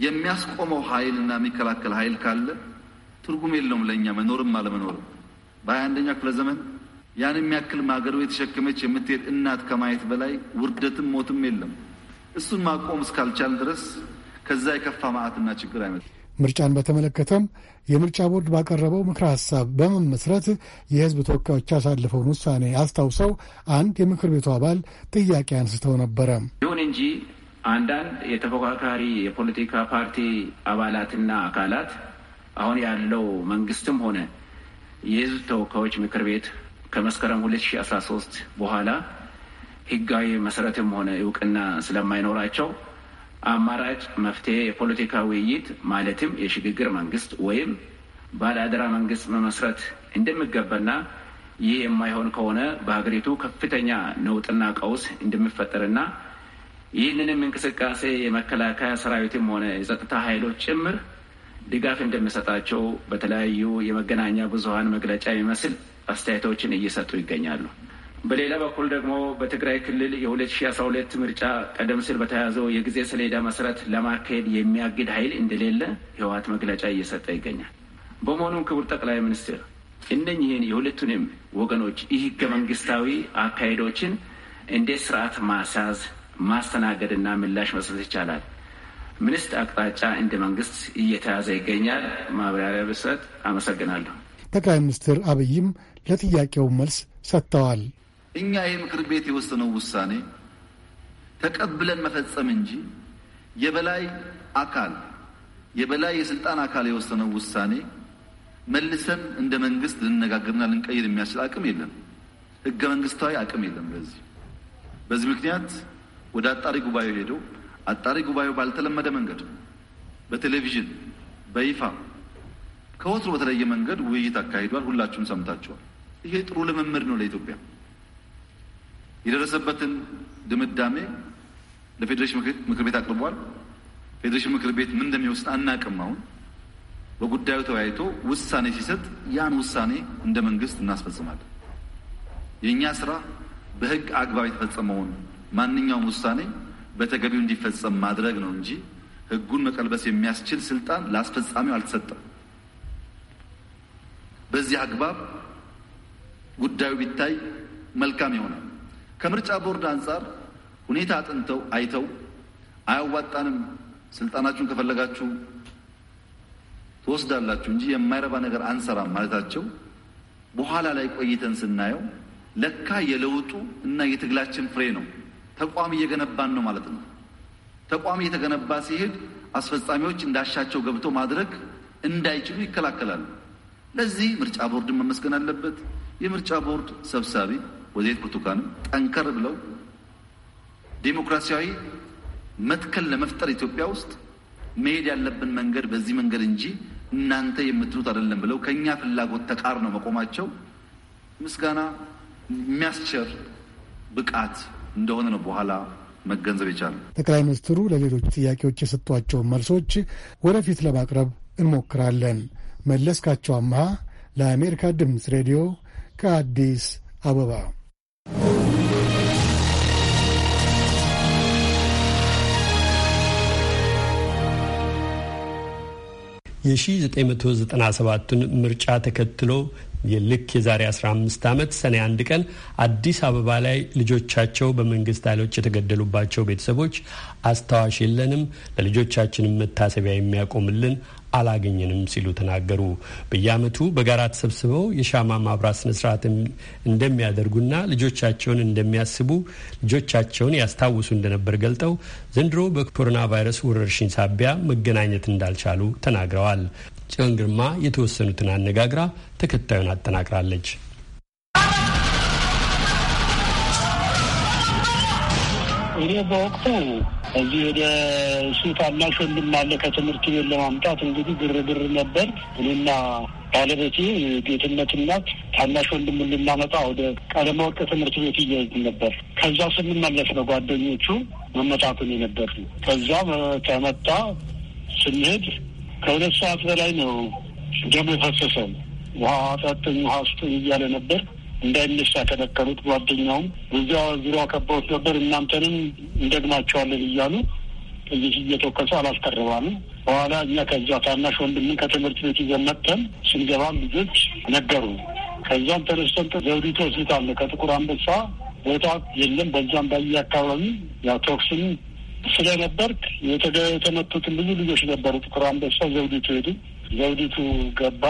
የሚያስቆመው ኃይልና የሚከላከል ኃይል ካለ ትርጉም የለውም ለእኛ መኖርም አለመኖርም። በሀያ አንደኛ ክፍለ ዘመን ያን የሚያክል ማገሩ የተሸከመች የምትሄድ እናት ከማየት በላይ ውርደትም ሞትም የለም። እሱን ማቆም እስካልቻል ድረስ ከዛ የከፋ ማዕትና ችግር አይመጣም። ምርጫን በተመለከተም የምርጫ ቦርድ ባቀረበው ምክረ ሀሳብ በመመስረት የሕዝብ ተወካዮች ያሳለፈውን ውሳኔ አስታውሰው አንድ የምክር ቤቱ አባል ጥያቄ አንስተው ነበረ። ይሁን እንጂ አንዳንድ የተፎካካሪ የፖለቲካ ፓርቲ አባላትና አካላት አሁን ያለው መንግስትም ሆነ የሕዝብ ተወካዮች ምክር ቤት ከመስከረም 2013 በኋላ ህጋዊ መሰረትም ሆነ እውቅና ስለማይኖራቸው አማራጭ መፍትሄ የፖለቲካ ውይይት ማለትም የሽግግር መንግስት ወይም ባለአደራ መንግስት መመስረት እንደሚገባና ይህ የማይሆን ከሆነ በሀገሪቱ ከፍተኛ ነውጥና ቀውስ እንደሚፈጠርና ይህንንም እንቅስቃሴ የመከላከያ ሰራዊትም ሆነ የጸጥታ ኃይሎች ጭምር ድጋፍ እንደሚሰጣቸው በተለያዩ የመገናኛ ብዙሀን መግለጫ የሚመስል አስተያየቶችን እየሰጡ ይገኛሉ። በሌላ በኩል ደግሞ በትግራይ ክልል የ2012 ምርጫ ቀደም ሲል በተያዘው የጊዜ ሰሌዳ መሰረት ለማካሄድ የሚያግድ ኃይል እንደሌለ ህወሀት መግለጫ እየሰጠ ይገኛል። በመሆኑም ክቡር ጠቅላይ ሚኒስትር እነኚህን የሁለቱንም ወገኖች ይህ ህገ መንግስታዊ አካሄዶችን እንዴት ስርዓት ማስያዝ ማስተናገድና ምላሽ መስጠት ይቻላል? ምንስት አቅጣጫ እንደ መንግስት እየተያዘ ይገኛል? ማብራሪያ ብሰጥ አመሰግናለሁ። ጠቅላይ ሚኒስትር አብይም ለጥያቄው መልስ ሰጥተዋል። እኛ ይህ ምክር ቤት የወሰነው ውሳኔ ተቀብለን መፈጸም እንጂ የበላይ አካል የበላይ የስልጣን አካል የወሰነው ውሳኔ መልሰን እንደ መንግስት ልንነጋገርና ልንቀይር የሚያስችል አቅም የለም። ህገ መንግስታዊ አቅም የለም። በዚህ በዚህ ምክንያት ወደ አጣሪ ጉባኤ ሄደው አጣሪ ጉባኤው ባልተለመደ መንገድ በቴሌቪዥን በይፋ ከወትሮ በተለየ መንገድ ውይይት አካሂዷል። ሁላችሁም ሰምታችኋል። ይሄ ጥሩ ልምምድ ነው ለኢትዮጵያ። የደረሰበትን ድምዳሜ ለፌዴሬሽን ምክር ቤት አቅርቧል። ፌዴሬሽን ምክር ቤት ምን እንደሚወስድ አናቅም። አሁን በጉዳዩ ተወያይቶ ውሳኔ ሲሰጥ ያን ውሳኔ እንደ መንግስት እናስፈጽማለን። የእኛ ስራ በህግ አግባብ የተፈጸመውን ማንኛውም ውሳኔ በተገቢው እንዲፈጸም ማድረግ ነው እንጂ ህጉን መቀልበስ የሚያስችል ስልጣን ለአስፈጻሚው አልተሰጠም። በዚህ አግባብ ጉዳዩ ቢታይ መልካም ይሆናል። ከምርጫ ቦርድ አንጻር ሁኔታ አጥንተው አይተው አያዋጣንም፣ ስልጣናችሁን ከፈለጋችሁ ትወስዳላችሁ እንጂ የማይረባ ነገር አንሰራም ማለታቸው በኋላ ላይ ቆይተን ስናየው ለካ የለውጡ እና የትግላችን ፍሬ ነው። ተቋም እየገነባን ነው ማለት ነው። ተቋም እየተገነባ ሲሄድ አስፈጻሚዎች እንዳሻቸው ገብተው ማድረግ እንዳይችሉ ይከላከላሉ። ለዚህ ምርጫ ቦርድን መመስገን አለበት። የምርጫ ቦርድ ሰብሳቢ ወይዘሪት ብርቱካንም ጠንከር ብለው ዴሞክራሲያዊ መትከል ለመፍጠር ኢትዮጵያ ውስጥ መሄድ ያለብን መንገድ በዚህ መንገድ እንጂ እናንተ የምትሉት አይደለም ብለው ከእኛ ፍላጎት ተቃር ነው መቆማቸው ምስጋና የሚያስቸር ብቃት እንደሆነ ነው በኋላ መገንዘብ የቻለ። ጠቅላይ ሚኒስትሩ ለሌሎች ጥያቄዎች የሰጧቸውን መልሶች ወደፊት ለማቅረብ እንሞክራለን። መለስካቸው አምሃ ለአሜሪካ ድምፅ ሬዲዮ ከአዲስ አበባ የ1997ቱን ምርጫ ተከትሎ የልክ የዛሬ 15 ዓመት ሰኔ አንድ ቀን አዲስ አበባ ላይ ልጆቻቸው በመንግስት ኃይሎች የተገደሉባቸው ቤተሰቦች አስታዋሽ የለንም፣ ለልጆቻችንም መታሰቢያ የሚያቆምልን አላገኘንም ሲሉ ተናገሩ። በየዓመቱ በጋራ ተሰብስበው የሻማ ማብራት ስነስርዓትን እንደሚያደርጉና ልጆቻቸውን እንደሚያስቡ ልጆቻቸውን ያስታውሱ እንደነበር ገልጠው ዘንድሮ በኮሮና ቫይረስ ወረርሽኝ ሳቢያ መገናኘት እንዳልቻሉ ተናግረዋል። ጽዮን ግርማ የተወሰኑትን አነጋግራ ተከታዩን አጠናቅራለች። እኔ በወቅቱ እዚህ ወደ እሱ ታናሽ ወንድም አለ ከትምህርት ቤት ለማምጣት እንግዲህ ግርግር ነበር። እኔና ባለቤቴ ቤትነት እናት ታናሽ ወንድም ልናመጣ ወደ ቀለማወቅ ትምህርት ቤት እያይዝ ነበር። ከዛ ስንመለስ ነው ጓደኞቹ መመጣቱን የነበር። ከዛ ከመጣ ስንሄድ ከሁለት ሰዓት በላይ ነው ደሞ የፈሰሰው። ውሃ ጠጥኝ ውሃ ስጡኝ እያለ ነበር እንዳይነሽ ያከለከሉት። ጓደኛውም እዚያ ዙሪያ ከበውት ነበር። እናንተንም እንደግማቸዋለን እያሉ እዚህ እየተወቀሱ አላስቀርባሉ። በኋላ እኛ ከዚያ ታናሽ ወንድምን ከትምህርት ቤት ይዘን መጥተን ስንገባም ልጆች ነገሩ። ከዛም ተነስተን ዘውዲቱ ሆስፒታል ከጥቁር አንበሳ ቦታ የለም። በዛም ባየ አካባቢ ያው ቶክስን ስለነበር የተመቱትን ብዙ ልጆች ነበሩ። ጥቁር አንበሳ ዘውዲቱ ሄዱ። ዘውዲቱ ገባ።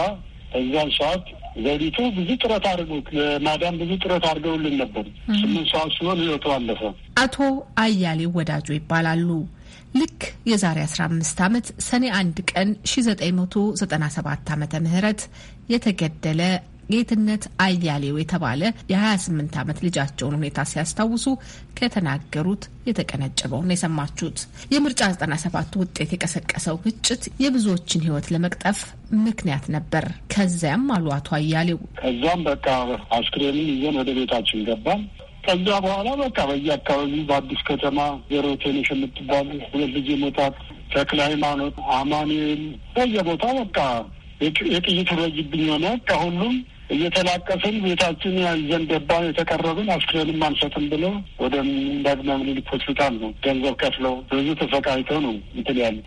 በዛም ሰዓት ዘሪቱ ብዙ ጥረት አድርጎት ማዳም ብዙ ጥረት አድርገውልን ነበር። ስምንት ሰዓት ሲሆን ህይወቱ አለፈ። አቶ አያሌ ወዳጆ ይባላሉ። ልክ የዛሬ 15 ዓመት ሰኔ አንድ ቀን 1997 ዓመተ ምህረት የተገደለ ጌትነት አያሌው የተባለ የ28 ዓመት ልጃቸውን ሁኔታ ሲያስታውሱ ከተናገሩት የተቀነጨበውን የሰማችሁት። የምርጫ 97 ውጤት የቀሰቀሰው ግጭት የብዙዎችን ሕይወት ለመቅጠፍ ምክንያት ነበር። ከዚያም አሉ አቶ አያሌው። ከዛም በቃ አስክሬኑን ይዘን ወደ ቤታችን ገባን። ከዛ በኋላ በቃ በየአካባቢው በአዲስ ከተማ ዜሮ ቴኒሽ የምትባሉ ሁለት ልጅ መውጣት ተክለ ሃይማኖት፣ አማኑኤል በየቦታ በቃ የጥይት ረጅብኝ ሆነ። ከሁሉም እየተላቀስን ቤታችን ይዘን ገባን። የተቀረብን አስክሬንም አንሰጥም ብሎ ወደ ዳግማዊ ምኒልክ ሆስፒታል ነው ገንዘብ ከፍለው ብዙ ተሰቃይተው ነው እንትን ያሉ።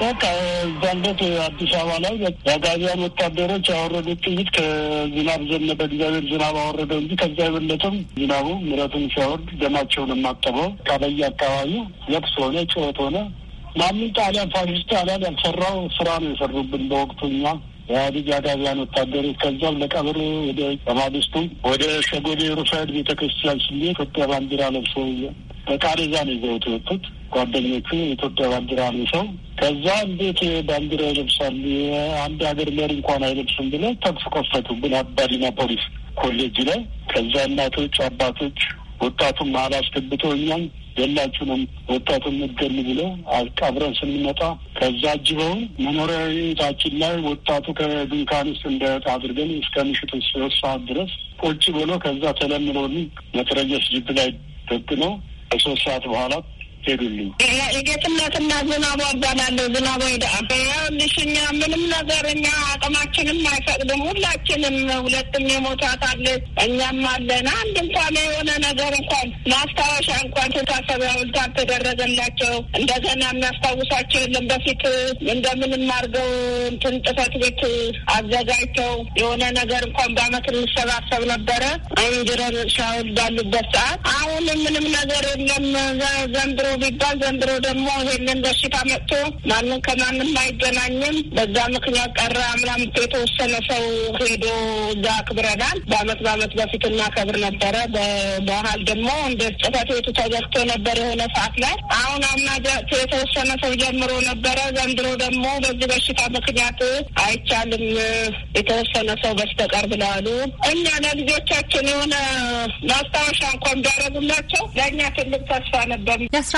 በቃ እዛን አዲስ አበባ ላይ የአጋዚያን ወታደሮች ያወረዱት ጥይት ከዝናብ ዘነበ። እግዚአብሔር ዝናብ አወረደው እንጂ ከዛ የበለጠም ዝናቡ ምረቱን ሲያወርድ ደማቸውን የማጠበው ካበየ አካባቢ ለቅሶ ሆነ፣ ጩኸት ሆነ። ማንም ጣሊያን ፋሽስት ጣሊያን ያልሰራው ስራ ነው የሰሩብን በወቅቱ እኛ የኢህአዴግ አዳቢያን ወታደሮች ከዛም ለቀብር ወደ በማግስቱ ወደ ሸጎሌ ሩፋኤል ክርስቲያን ስሜ ኢትዮጵያ ባንዲራ ለብሶ በቃሬዛ ነው ይዘውት የወጡት ጓደኞቹ የኢትዮጵያ ባንዲራ ለብሰው ከዛ እንዴት ባንዲራ ይለብሳል አንድ ሀገር መሪ እንኳን አይለብሱም ብለው ተኩስ ብን አባዲና ፖሊስ ኮሌጅ ላይ። ከዛ እናቶች አባቶች ወጣቱን መሀል አስገብተው እኛም የላችሁንም ወጣቱን ምገል ብሎ አብረን ስንመጣ ከዛ አጅበውን መኖሪያ ቤታችን ላይ ወጣቱ ከድንካን ውስጥ እንዳይወጣ አድርገን እስከ ምሽቱ ሶስት ሰዓት ድረስ ቁጭ ብሎ ከዛ ተለምሎን መትረየስ ጅብ ላይ ደግነው ከሶስት ሰዓት በኋላ ሄዱልኝ። የጌትነትና ዝናቡ አባላለሁ ዝናቡ ሄደ ልሽኛ ምንም ነገር እኛ አቅማችንም አይፈቅድም። ሁላችንም ሁለትም የሞታት አለ እኛም አለን። አንድ እንኳን የሆነ ነገር እንኳን ማስታወሻ እንኳን ተታሰቢያ ውልታ ተደረገላቸው። እንደገና የሚያስታውሳቸው የለም። በፊት እንደምንም አድርገው እንትን ጽሕፈት ቤት አዘጋጅተው የሆነ ነገር እንኳን በአመት እንሰባሰብ ነበረ እንጅረን ሻውል ባሉበት ሰዓት አሁንም ምንም ነገር የለም ዘንድሮ ቢባል ዘንድሮ ደግሞ ይሄንን በሽታ መጥቶ ማንም ከማንም አይገናኝም። በዛ ምክንያት ቀረ። አምናም የተወሰነ ሰው ሄዶ እዛ አክብረናል። በአመት በአመት በፊት እናከብር ነበረ። በባህል ደግሞ እንደ ጽፈት ቤቱ ተዘግቶ ነበር የሆነ ሰዓት ላይ። አሁን አምና የተወሰነ ሰው ጀምሮ ነበረ። ዘንድሮ ደግሞ በዚህ በሽታ ምክንያት አይቻልም የተወሰነ ሰው በስተቀር ብለዋሉ። እኛ ለልጆቻችን የሆነ ማስታወሻ እንኳን ቢያደርጉላቸው ለእኛ ትልቅ ተስፋ ነበር።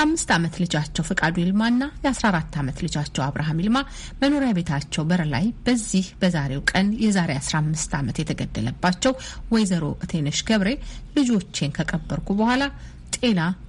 የአምስት ዓመት ልጃቸው ፍቃዱ ይልማና የ14 ዓመት ልጃቸው አብርሃም ይልማ መኖሪያ ቤታቸው በር ላይ በዚህ በዛሬው ቀን የዛሬ 15 ዓመት የተገደለባቸው ወይዘሮ እቴነሽ ገብሬ ልጆቼን ከቀበርኩ በኋላ ጤና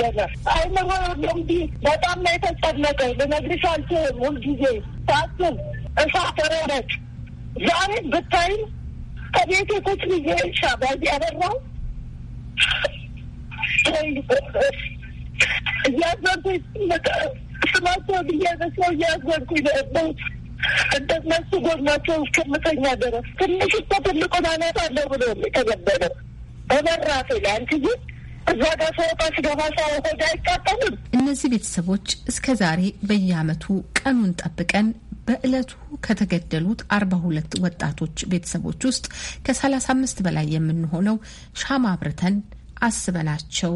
ገና አይምሮ ለምዲ በጣም ነው የተጨነቀ ልነግርሽ አልችልም። ሁልጊዜ ሳስብ እሳት ረረች። ዛሬ ብታይም ከቤቴ ቁጭ ብዬ ሻባዚ ያበራው እያዘንኩኝ ስማቸው ብያመስለው እያዘንኩኝ ነው እንደነሱ ጎድናቸው እስከምተኛ ድረስ ትንሽ እኮ ትልቁን አናት ብሎ የተገበለው በመራፌ ላይ አንቺ ግን እዛ ጋር ሰወጣ ሲገባ ሰው አይቃጠልም። እነዚህ ቤተሰቦች እስከ ዛሬ በየአመቱ ቀኑን ጠብቀን በእለቱ ከተገደሉት ሁለት ወጣቶች ቤተሰቦች ውስጥ ከ አምስት በላይ የምንሆነው ሻማ አብርተን አስበናቸው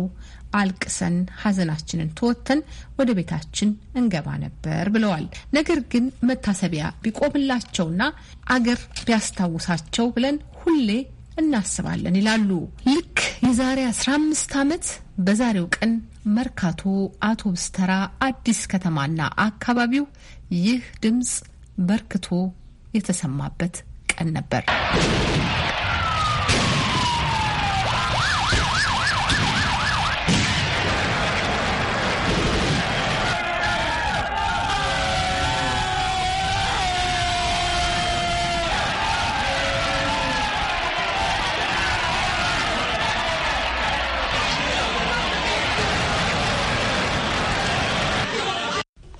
አልቅሰን ሀዘናችንን ተወጥተን ወደ ቤታችን እንገባ ነበር ብለዋል። ነገር ግን መታሰቢያ ቢቆምላቸውና አገር ቢያስታውሳቸው ብለን ሁሌ እናስባለን ይላሉ። ልክ የዛሬ 15 ዓመት በዛሬው ቀን መርካቶ፣ አውቶብስ ተራ፣ አዲስ ከተማና አካባቢው ይህ ድምፅ በርክቶ የተሰማበት ቀን ነበር።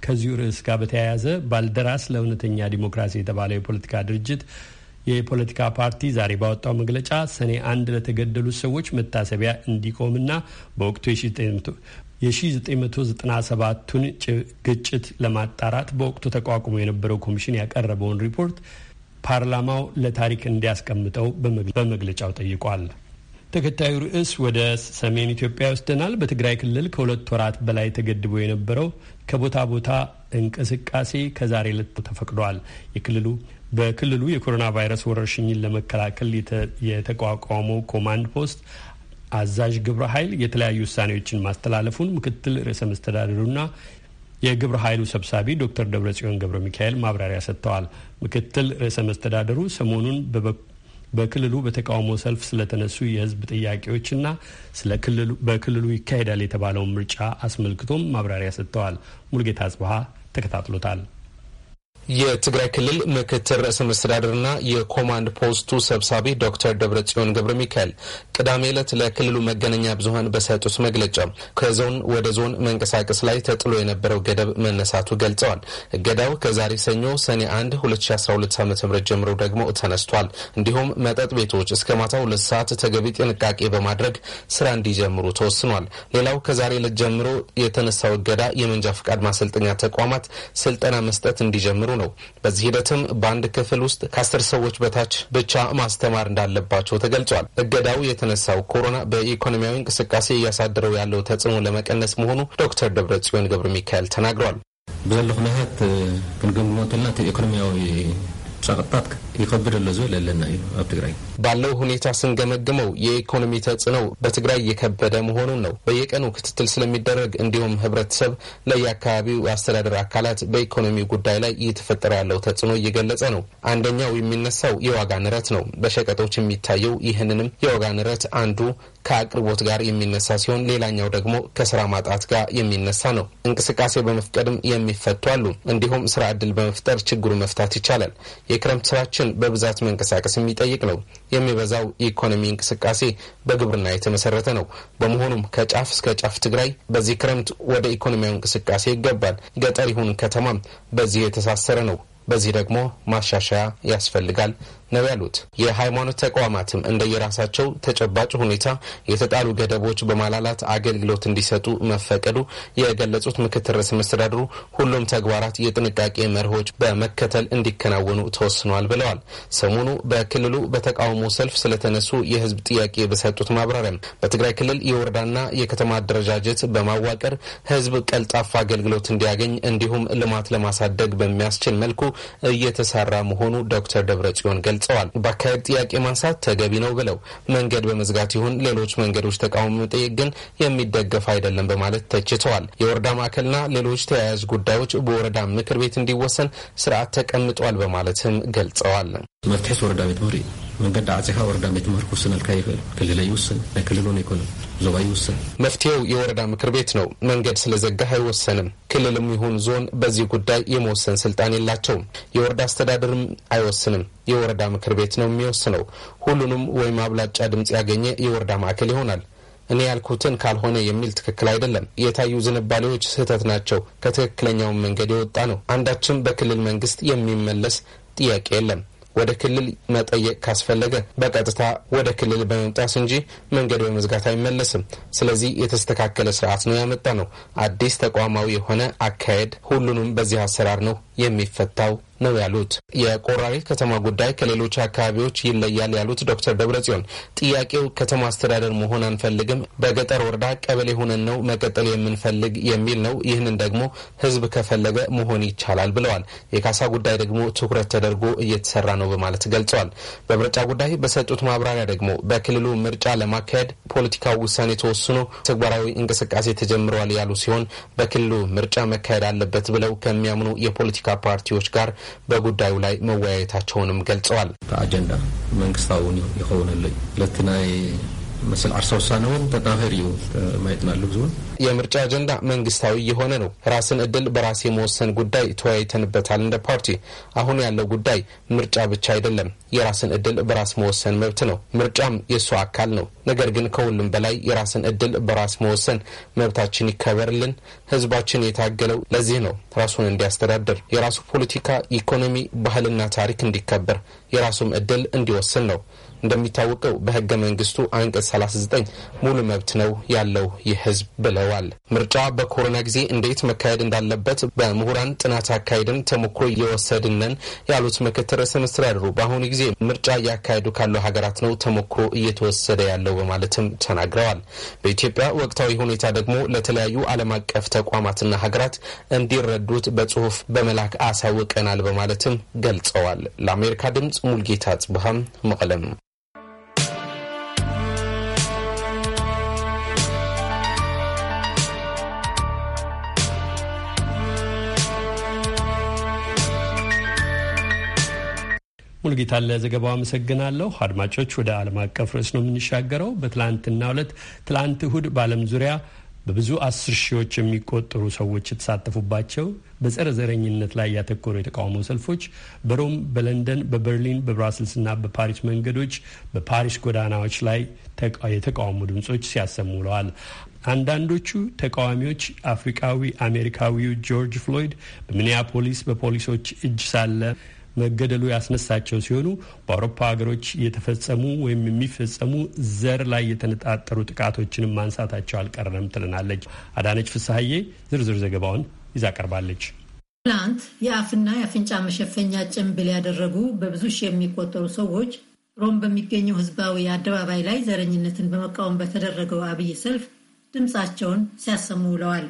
ከዚሁ ርዕስ ጋር በተያያዘ ባልደራስ ለእውነተኛ ዲሞክራሲ የተባለ የፖለቲካ ድርጅት የፖለቲካ ፓርቲ ዛሬ ባወጣው መግለጫ ሰኔ አንድ ለተገደሉ ሰዎች መታሰቢያ እንዲቆምና በወቅቱ የ1997ቱን ግጭት ለማጣራት በወቅቱ ተቋቁሞ የነበረው ኮሚሽን ያቀረበውን ሪፖርት ፓርላማው ለታሪክ እንዲያስቀምጠው በመግለጫው ጠይቋል። ተከታዩ ርዕስ ወደ ሰሜን ኢትዮጵያ ይወስደናል። በትግራይ ክልል ከሁለት ወራት በላይ ተገድቦ የነበረው ከቦታ ቦታ እንቅስቃሴ ከዛሬ ዕለት ተፈቅዷል። የክልሉ በክልሉ የኮሮና ቫይረስ ወረርሽኝን ለመከላከል የተቋቋመው ኮማንድ ፖስት አዛዥ ግብረ ኃይል የተለያዩ ውሳኔዎችን ማስተላለፉን ምክትል ርዕሰ መስተዳደሩና የግብረ ኃይሉ ሰብሳቢ ዶክተር ደብረጽዮን ገብረ ሚካኤል ማብራሪያ ሰጥተዋል። ምክትል ርዕሰ መስተዳደሩ ሰሞኑን በክልሉ በተቃውሞ ሰልፍ ስለተነሱ የህዝብ ጥያቄዎችና በክልሉ ይካሄዳል የተባለውን ምርጫ አስመልክቶም ማብራሪያ ሰጥተዋል። ሙልጌታ አጽብሃ ተከታትሎታል። የትግራይ ክልል ምክትል ርዕሰ መስተዳድርና የኮማንድ ፖስቱ ሰብሳቢ ዶክተር ደብረጽዮን ገብረ ሚካኤል ቅዳሜ ዕለት ለክልሉ መገናኛ ብዙሀን በሰጡት መግለጫ ከዞን ወደ ዞን መንቀሳቀስ ላይ ተጥሎ የነበረው ገደብ መነሳቱ ገልጸዋል። እገዳው ከዛሬ ሰኞ ሰኔ 1 2012 ዓ ም ጀምሮ ደግሞ ተነስቷል። እንዲሁም መጠጥ ቤቶች እስከ ማታ ሁለት ሰዓት ተገቢ ጥንቃቄ በማድረግ ስራ እንዲጀምሩ ተወስኗል። ሌላው ከዛሬ ዕለት ጀምሮ የተነሳው እገዳ የመንጃ ፈቃድ ማሰልጠኛ ተቋማት ስልጠና መስጠት እንዲጀምሩ ነው። በዚህ ሂደትም በአንድ ክፍል ውስጥ ከአስር ሰዎች በታች ብቻ ማስተማር እንዳለባቸው ተገልጿል። እገዳው የተነሳው ኮሮና በኢኮኖሚያዊ እንቅስቃሴ እያሳደረው ያለው ተጽዕኖ ለመቀነስ መሆኑ ዶክተር ደብረ ጽዮን ገብረ ሚካኤል ተናግሯል። ብዘሎ ኩነታት ክንገምግሞ እቲ ኢኮኖሚያዊ ሸቀጥታት ይከብደሎ ለዞ ለለና እዩ ኣብ ትግራይ ባለው ሁኔታ ስንገመግመው የኢኮኖሚ ተጽዕኖው በትግራይ እየከበደ መሆኑን ነው። በየቀኑ ክትትል ስለሚደረግ እንዲሁም ህብረተሰብ ለየአካባቢው አስተዳደር አካላት በኢኮኖሚ ጉዳይ ላይ እየተፈጠረ ያለው ተጽዕኖ እየገለጸ ነው። አንደኛው የሚነሳው የዋጋ ንረት ነው። በሸቀጦች የሚታየው ይህንንም የዋጋ ንረት አንዱ ከአቅርቦት ጋር የሚነሳ ሲሆን ሌላኛው ደግሞ ከስራ ማጣት ጋር የሚነሳ ነው። እንቅስቃሴ በመፍቀድም የሚፈቱ አሉ። እንዲሁም ስራ እድል በመፍጠር ችግሩ መፍታት ይቻላል። የክረምት ስራችን ምርትን በብዛት መንቀሳቀስ የሚጠይቅ ነው። የሚበዛው የኢኮኖሚ እንቅስቃሴ በግብርና የተመሰረተ ነው። በመሆኑም ከጫፍ እስከ ጫፍ ትግራይ በዚህ ክረምት ወደ ኢኮኖሚያዊ እንቅስቃሴ ይገባል። ገጠር ይሁን ከተማም በዚህ የተሳሰረ ነው። በዚህ ደግሞ ማሻሻያ ያስፈልጋል ነው ያሉት። የሃይማኖት ተቋማትም እንደየራሳቸው ተጨባጭ ሁኔታ የተጣሉ ገደቦች በማላላት አገልግሎት እንዲሰጡ መፈቀዱ የገለጹት ምክትል ርዕሰ መስተዳድሩ ሁሉም ተግባራት የጥንቃቄ መርሆች በመከተል እንዲከናወኑ ተወስኗል ብለዋል። ሰሞኑ በክልሉ በተቃውሞ ሰልፍ ስለተነሱ የህዝብ ጥያቄ በሰጡት ማብራሪያም በትግራይ ክልል የወረዳና የከተማ አደረጃጀት በማዋቀር ህዝብ ቀልጣፋ አገልግሎት እንዲያገኝ እንዲሁም ልማት ለማሳደግ በሚያስችል መልኩ እየተሰራ መሆኑ ዶክተር ደብረ ጽዮን ገል ገልጸዋል። በአካሄድ ጥያቄ ማንሳት ተገቢ ነው ብለው መንገድ በመዝጋት ይሁን ሌሎች መንገዶች ተቃውሞ መጠየቅ ግን የሚደገፍ አይደለም በማለት ተችተዋል። የወረዳ ማዕከልና ሌሎች ተያያዥ ጉዳዮች በወረዳ ምክር ቤት እንዲወሰን ስርዓት ተቀምጧል በማለትም ገልጸዋል። መፍትሄ ወረዳ ቤት ምሁሪ መንገድ አጼሀ ወረዳ መጅመርኩ ውስን አልካይ ክልል ይውስን ናይ ክልል ዞባ ይውስን መፍትሄው የወረዳ ምክር ቤት ነው። መንገድ ስለዘጋህ አይወሰንም። ክልልም ይሁን ዞን በዚህ ጉዳይ የመወሰን ስልጣን የላቸውም። የወረዳ አስተዳደርም አይወስንም። የወረዳ ምክር ቤት ነው የሚወስነው። ሁሉንም ወይም አብላጫ ድምጽ ያገኘ የወረዳ ማዕከል ይሆናል። እኔ ያልኩትን ካልሆነ የሚል ትክክል አይደለም። የታዩ ዝንባሌዎች ስህተት ናቸው። ከትክክለኛውን መንገድ የወጣ ነው። አንዳችም በክልል መንግስት የሚመለስ ጥያቄ የለም። ወደ ክልል መጠየቅ ካስፈለገ በቀጥታ ወደ ክልል በመምጣት እንጂ መንገድ በመዝጋት አይመለስም። ስለዚህ የተስተካከለ ስርዓት ነው ያመጣ ነው። አዲስ ተቋማዊ የሆነ አካሄድ ሁሉንም በዚህ አሰራር ነው የሚፈታው ነው ያሉት። የቆራሪ ከተማ ጉዳይ ከሌሎች አካባቢዎች ይለያል ያሉት ዶክተር ደብረጽዮን ጥያቄው ከተማ አስተዳደር መሆን አንፈልግም፣ በገጠር ወረዳ ቀበሌ ሆነን ነው መቀጠል የምንፈልግ የሚል ነው። ይህንን ደግሞ ህዝብ ከፈለገ መሆን ይቻላል ብለዋል። የካሳ ጉዳይ ደግሞ ትኩረት ተደርጎ እየተሰራ ነው በማለት ገልጸዋል። በምርጫ ጉዳይ በሰጡት ማብራሪያ ደግሞ በክልሉ ምርጫ ለማካሄድ ፖለቲካው ውሳኔ ተወስኖ ተግባራዊ እንቅስቃሴ ተጀምረዋል ያሉ ሲሆን በክልሉ ምርጫ መካሄድ አለበት ብለው ከሚያምኑ የፖለቲካ ፓርቲዎች ጋር በጉዳዩ ላይ መወያየታቸውንም ገልጸዋል። አጀንዳ መንግስታውን ይኸውንልኝ ለትናይ መሰል አርሳውሳነውን ተጣፈሪው ማየትናሉ ብዙን የምርጫ አጀንዳ መንግስታዊ የሆነ ነው። ራስን እድል በራስ የመወሰን ጉዳይ ተወያይተንበታል። እንደ ፓርቲ አሁን ያለው ጉዳይ ምርጫ ብቻ አይደለም። የራስን እድል በራስ መወሰን መብት ነው። ምርጫም የእሱ አካል ነው። ነገር ግን ከሁሉም በላይ የራስን እድል በራስ መወሰን መብታችን ይከበርልን። ህዝባችን የታገለው ለዚህ ነው። ራሱን እንዲያስተዳድር፣ የራሱ ፖለቲካ፣ ኢኮኖሚ፣ ባህልና ታሪክ እንዲከበር፣ የራሱም እድል እንዲወስን ነው። እንደሚታወቀው በህገ መንግስቱ አንቀጽ 39 ሙሉ መብት ነው ያለው ይህ ህዝብ ብለዋል። ምርጫ በኮሮና ጊዜ እንዴት መካሄድ እንዳለበት በምሁራን ጥናት አካሄድን ተሞክሮ እየወሰድነን ያሉት ምክትል ርዕሰ መስተዳድሩ በአሁኑ ጊዜ ምርጫ እያካሄዱ ካለው ሀገራት ነው ተሞክሮ እየተወሰደ ያለው በማለትም ተናግረዋል። በኢትዮጵያ ወቅታዊ ሁኔታ ደግሞ ለተለያዩ ዓለም አቀፍ ተቋማትና ሀገራት እንዲረዱት በጽሁፍ በመላክ አሳውቀናል በማለትም ገልጸዋል። ለአሜሪካ ድምጽ ሙልጌታ ጽቡሃም መቀለም ሙልጌታን ለዘገባው አመሰግናለሁ። አድማጮች ወደ ዓለም አቀፍ ርዕስ ነው የምንሻገረው። በትላንትና ዕለት ትላንት እሁድ በዓለም ዙሪያ በብዙ አስር ሺዎች የሚቆጠሩ ሰዎች የተሳተፉባቸው በጸረ ዘረኝነት ላይ ያተኮሩ የተቃውሞ ሰልፎች በሮም፣ በለንደን፣ በበርሊን፣ በብራስልስና በፓሪስ መንገዶች፣ በፓሪስ ጎዳናዎች ላይ የተቃውሞ ድምጾች ሲያሰሙ ውለዋል። አንዳንዶቹ ተቃዋሚዎች አፍሪካዊ አሜሪካዊው ጆርጅ ፍሎይድ በሚኒያፖሊስ በፖሊሶች እጅ ሳለ መገደሉ ያስነሳቸው ሲሆኑ በአውሮፓ ሀገሮች የተፈጸሙ ወይም የሚፈጸሙ ዘር ላይ የተነጣጠሩ ጥቃቶችንም ማንሳታቸው አልቀረም ትለናለች አዳነች ፍስሀዬ። ዝርዝር ዘገባውን ይዛ ቀርባለች። ትላንት የአፍና የአፍንጫ መሸፈኛ ጭንብል ያደረጉ በብዙ ሺህ የሚቆጠሩ ሰዎች ሮም በሚገኘው ህዝባዊ አደባባይ ላይ ዘረኝነትን በመቃወም በተደረገው አብይ ሰልፍ ድምፃቸውን ሲያሰሙ ውለዋል።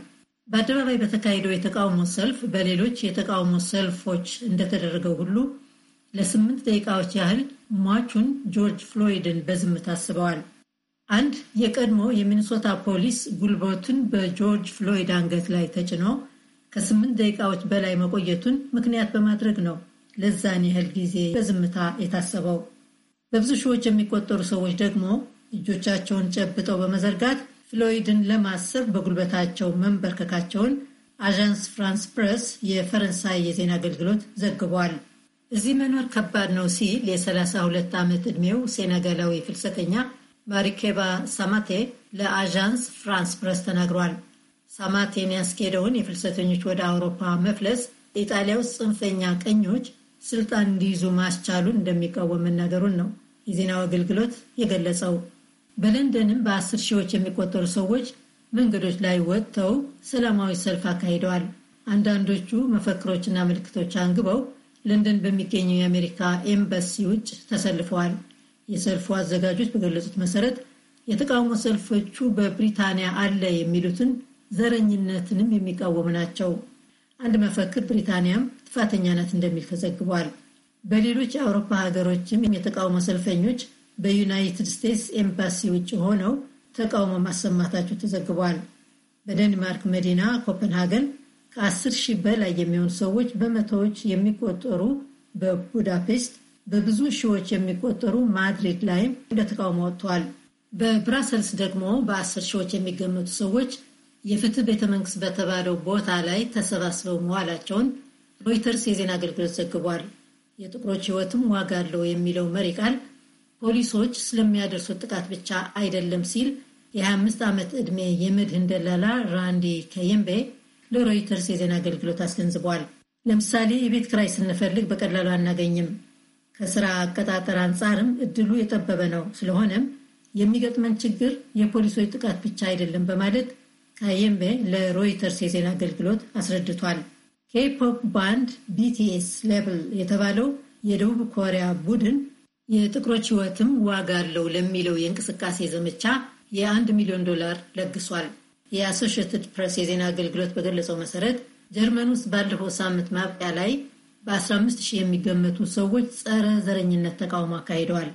በአደባባይ በተካሄደው የተቃውሞ ሰልፍ በሌሎች የተቃውሞ ሰልፎች እንደተደረገው ሁሉ ለስምንት ደቂቃዎች ያህል ሟቹን ጆርጅ ፍሎይድን በዝምታ አስበዋል። አንድ የቀድሞ የሚኒሶታ ፖሊስ ጉልበቱን በጆርጅ ፍሎይድ አንገት ላይ ተጭኖ ከስምንት ደቂቃዎች በላይ መቆየቱን ምክንያት በማድረግ ነው ለዛን ያህል ጊዜ በዝምታ የታሰበው። በብዙ ሺዎች የሚቆጠሩ ሰዎች ደግሞ እጆቻቸውን ጨብጠው በመዘርጋት ፍሎይድን ለማሰብ በጉልበታቸው መንበርከካቸውን አዣንስ ፍራንስ ፕረስ የፈረንሳይ የዜና አገልግሎት ዘግቧል። እዚህ መኖር ከባድ ነው ሲል የ32 ዓመት ዕድሜው ሴነጋላዊ ፍልሰተኛ ማሪኬባ ሳማቴ ለአዣንስ ፍራንስ ፕረስ ተናግሯል። ሳማቴን ያስኬደውን የፍልሰተኞች ወደ አውሮፓ መፍለስ ኢጣሊያ ውስጥ ጽንፈኛ ቀኞች ስልጣን እንዲይዙ ማስቻሉን እንደሚቃወም መናገሩን ነው የዜናው አገልግሎት የገለጸው። በለንደንም በአስር ሺዎች የሚቆጠሩ ሰዎች መንገዶች ላይ ወጥተው ሰላማዊ ሰልፍ አካሂደዋል። አንዳንዶቹ መፈክሮችና ምልክቶች አንግበው ለንደን በሚገኘው የአሜሪካ ኤምባሲ ውጭ ተሰልፈዋል። የሰልፉ አዘጋጆች በገለጹት መሰረት የተቃውሞ ሰልፎቹ በብሪታንያ አለ የሚሉትን ዘረኝነትንም የሚቃወሙ ናቸው። አንድ መፈክር ብሪታንያም ጥፋተኛ ናት እንደሚል ተዘግቧል። በሌሎች የአውሮፓ ሀገሮችም የተቃውሞ ሰልፈኞች በዩናይትድ ስቴትስ ኤምባሲ ውጭ ሆነው ተቃውሞ ማሰማታቸው ተዘግቧል። በደንማርክ መዲና ኮፐንሃገን ከአስር ሺህ በላይ የሚሆኑ ሰዎች በመቶዎች የሚቆጠሩ በቡዳፔስት በብዙ ሺዎች የሚቆጠሩ ማድሪድ ላይም እንደ ተቃውሞ ወጥተዋል። በብራሰልስ ደግሞ በአስር ሺዎች የሚገመቱ ሰዎች የፍትህ ቤተ መንግስት በተባለው ቦታ ላይ ተሰባስበው መዋላቸውን ሮይተርስ የዜና አገልግሎት ዘግቧል። የጥቁሮች ህይወትም ዋጋ አለው የሚለው መሪ ቃል ፖሊሶች ስለሚያደርሱት ጥቃት ብቻ አይደለም ሲል የ25 ዓመት ዕድሜ የምድህን ደላላ ራንዲ ከየምቤ ለሮይተርስ የዜና አገልግሎት አስገንዝቧል። ለምሳሌ የቤት ክራይ ስንፈልግ በቀላሉ አናገኝም። ከስራ አቀጣጠር አንጻርም እድሉ የጠበበ ነው። ስለሆነም የሚገጥመን ችግር የፖሊሶች ጥቃት ብቻ አይደለም በማለት ከየምቤ ለሮይተርስ የዜና አገልግሎት አስረድቷል። ኬፖፕ ባንድ ቢቲኤስ ሌብል የተባለው የደቡብ ኮሪያ ቡድን የጥቁሮች ሕይወትም ዋጋ አለው ለሚለው የእንቅስቃሴ ዘመቻ የአንድ ሚሊዮን ዶላር ለግሷል። የአሶሽትድ ፕሬስ የዜና አገልግሎት በገለጸው መሰረት ጀርመን ውስጥ ባለፈው ሳምንት ማብቂያ ላይ በ15 ሺህ የሚገመቱ ሰዎች ጸረ ዘረኝነት ተቃውሞ አካሂደዋል።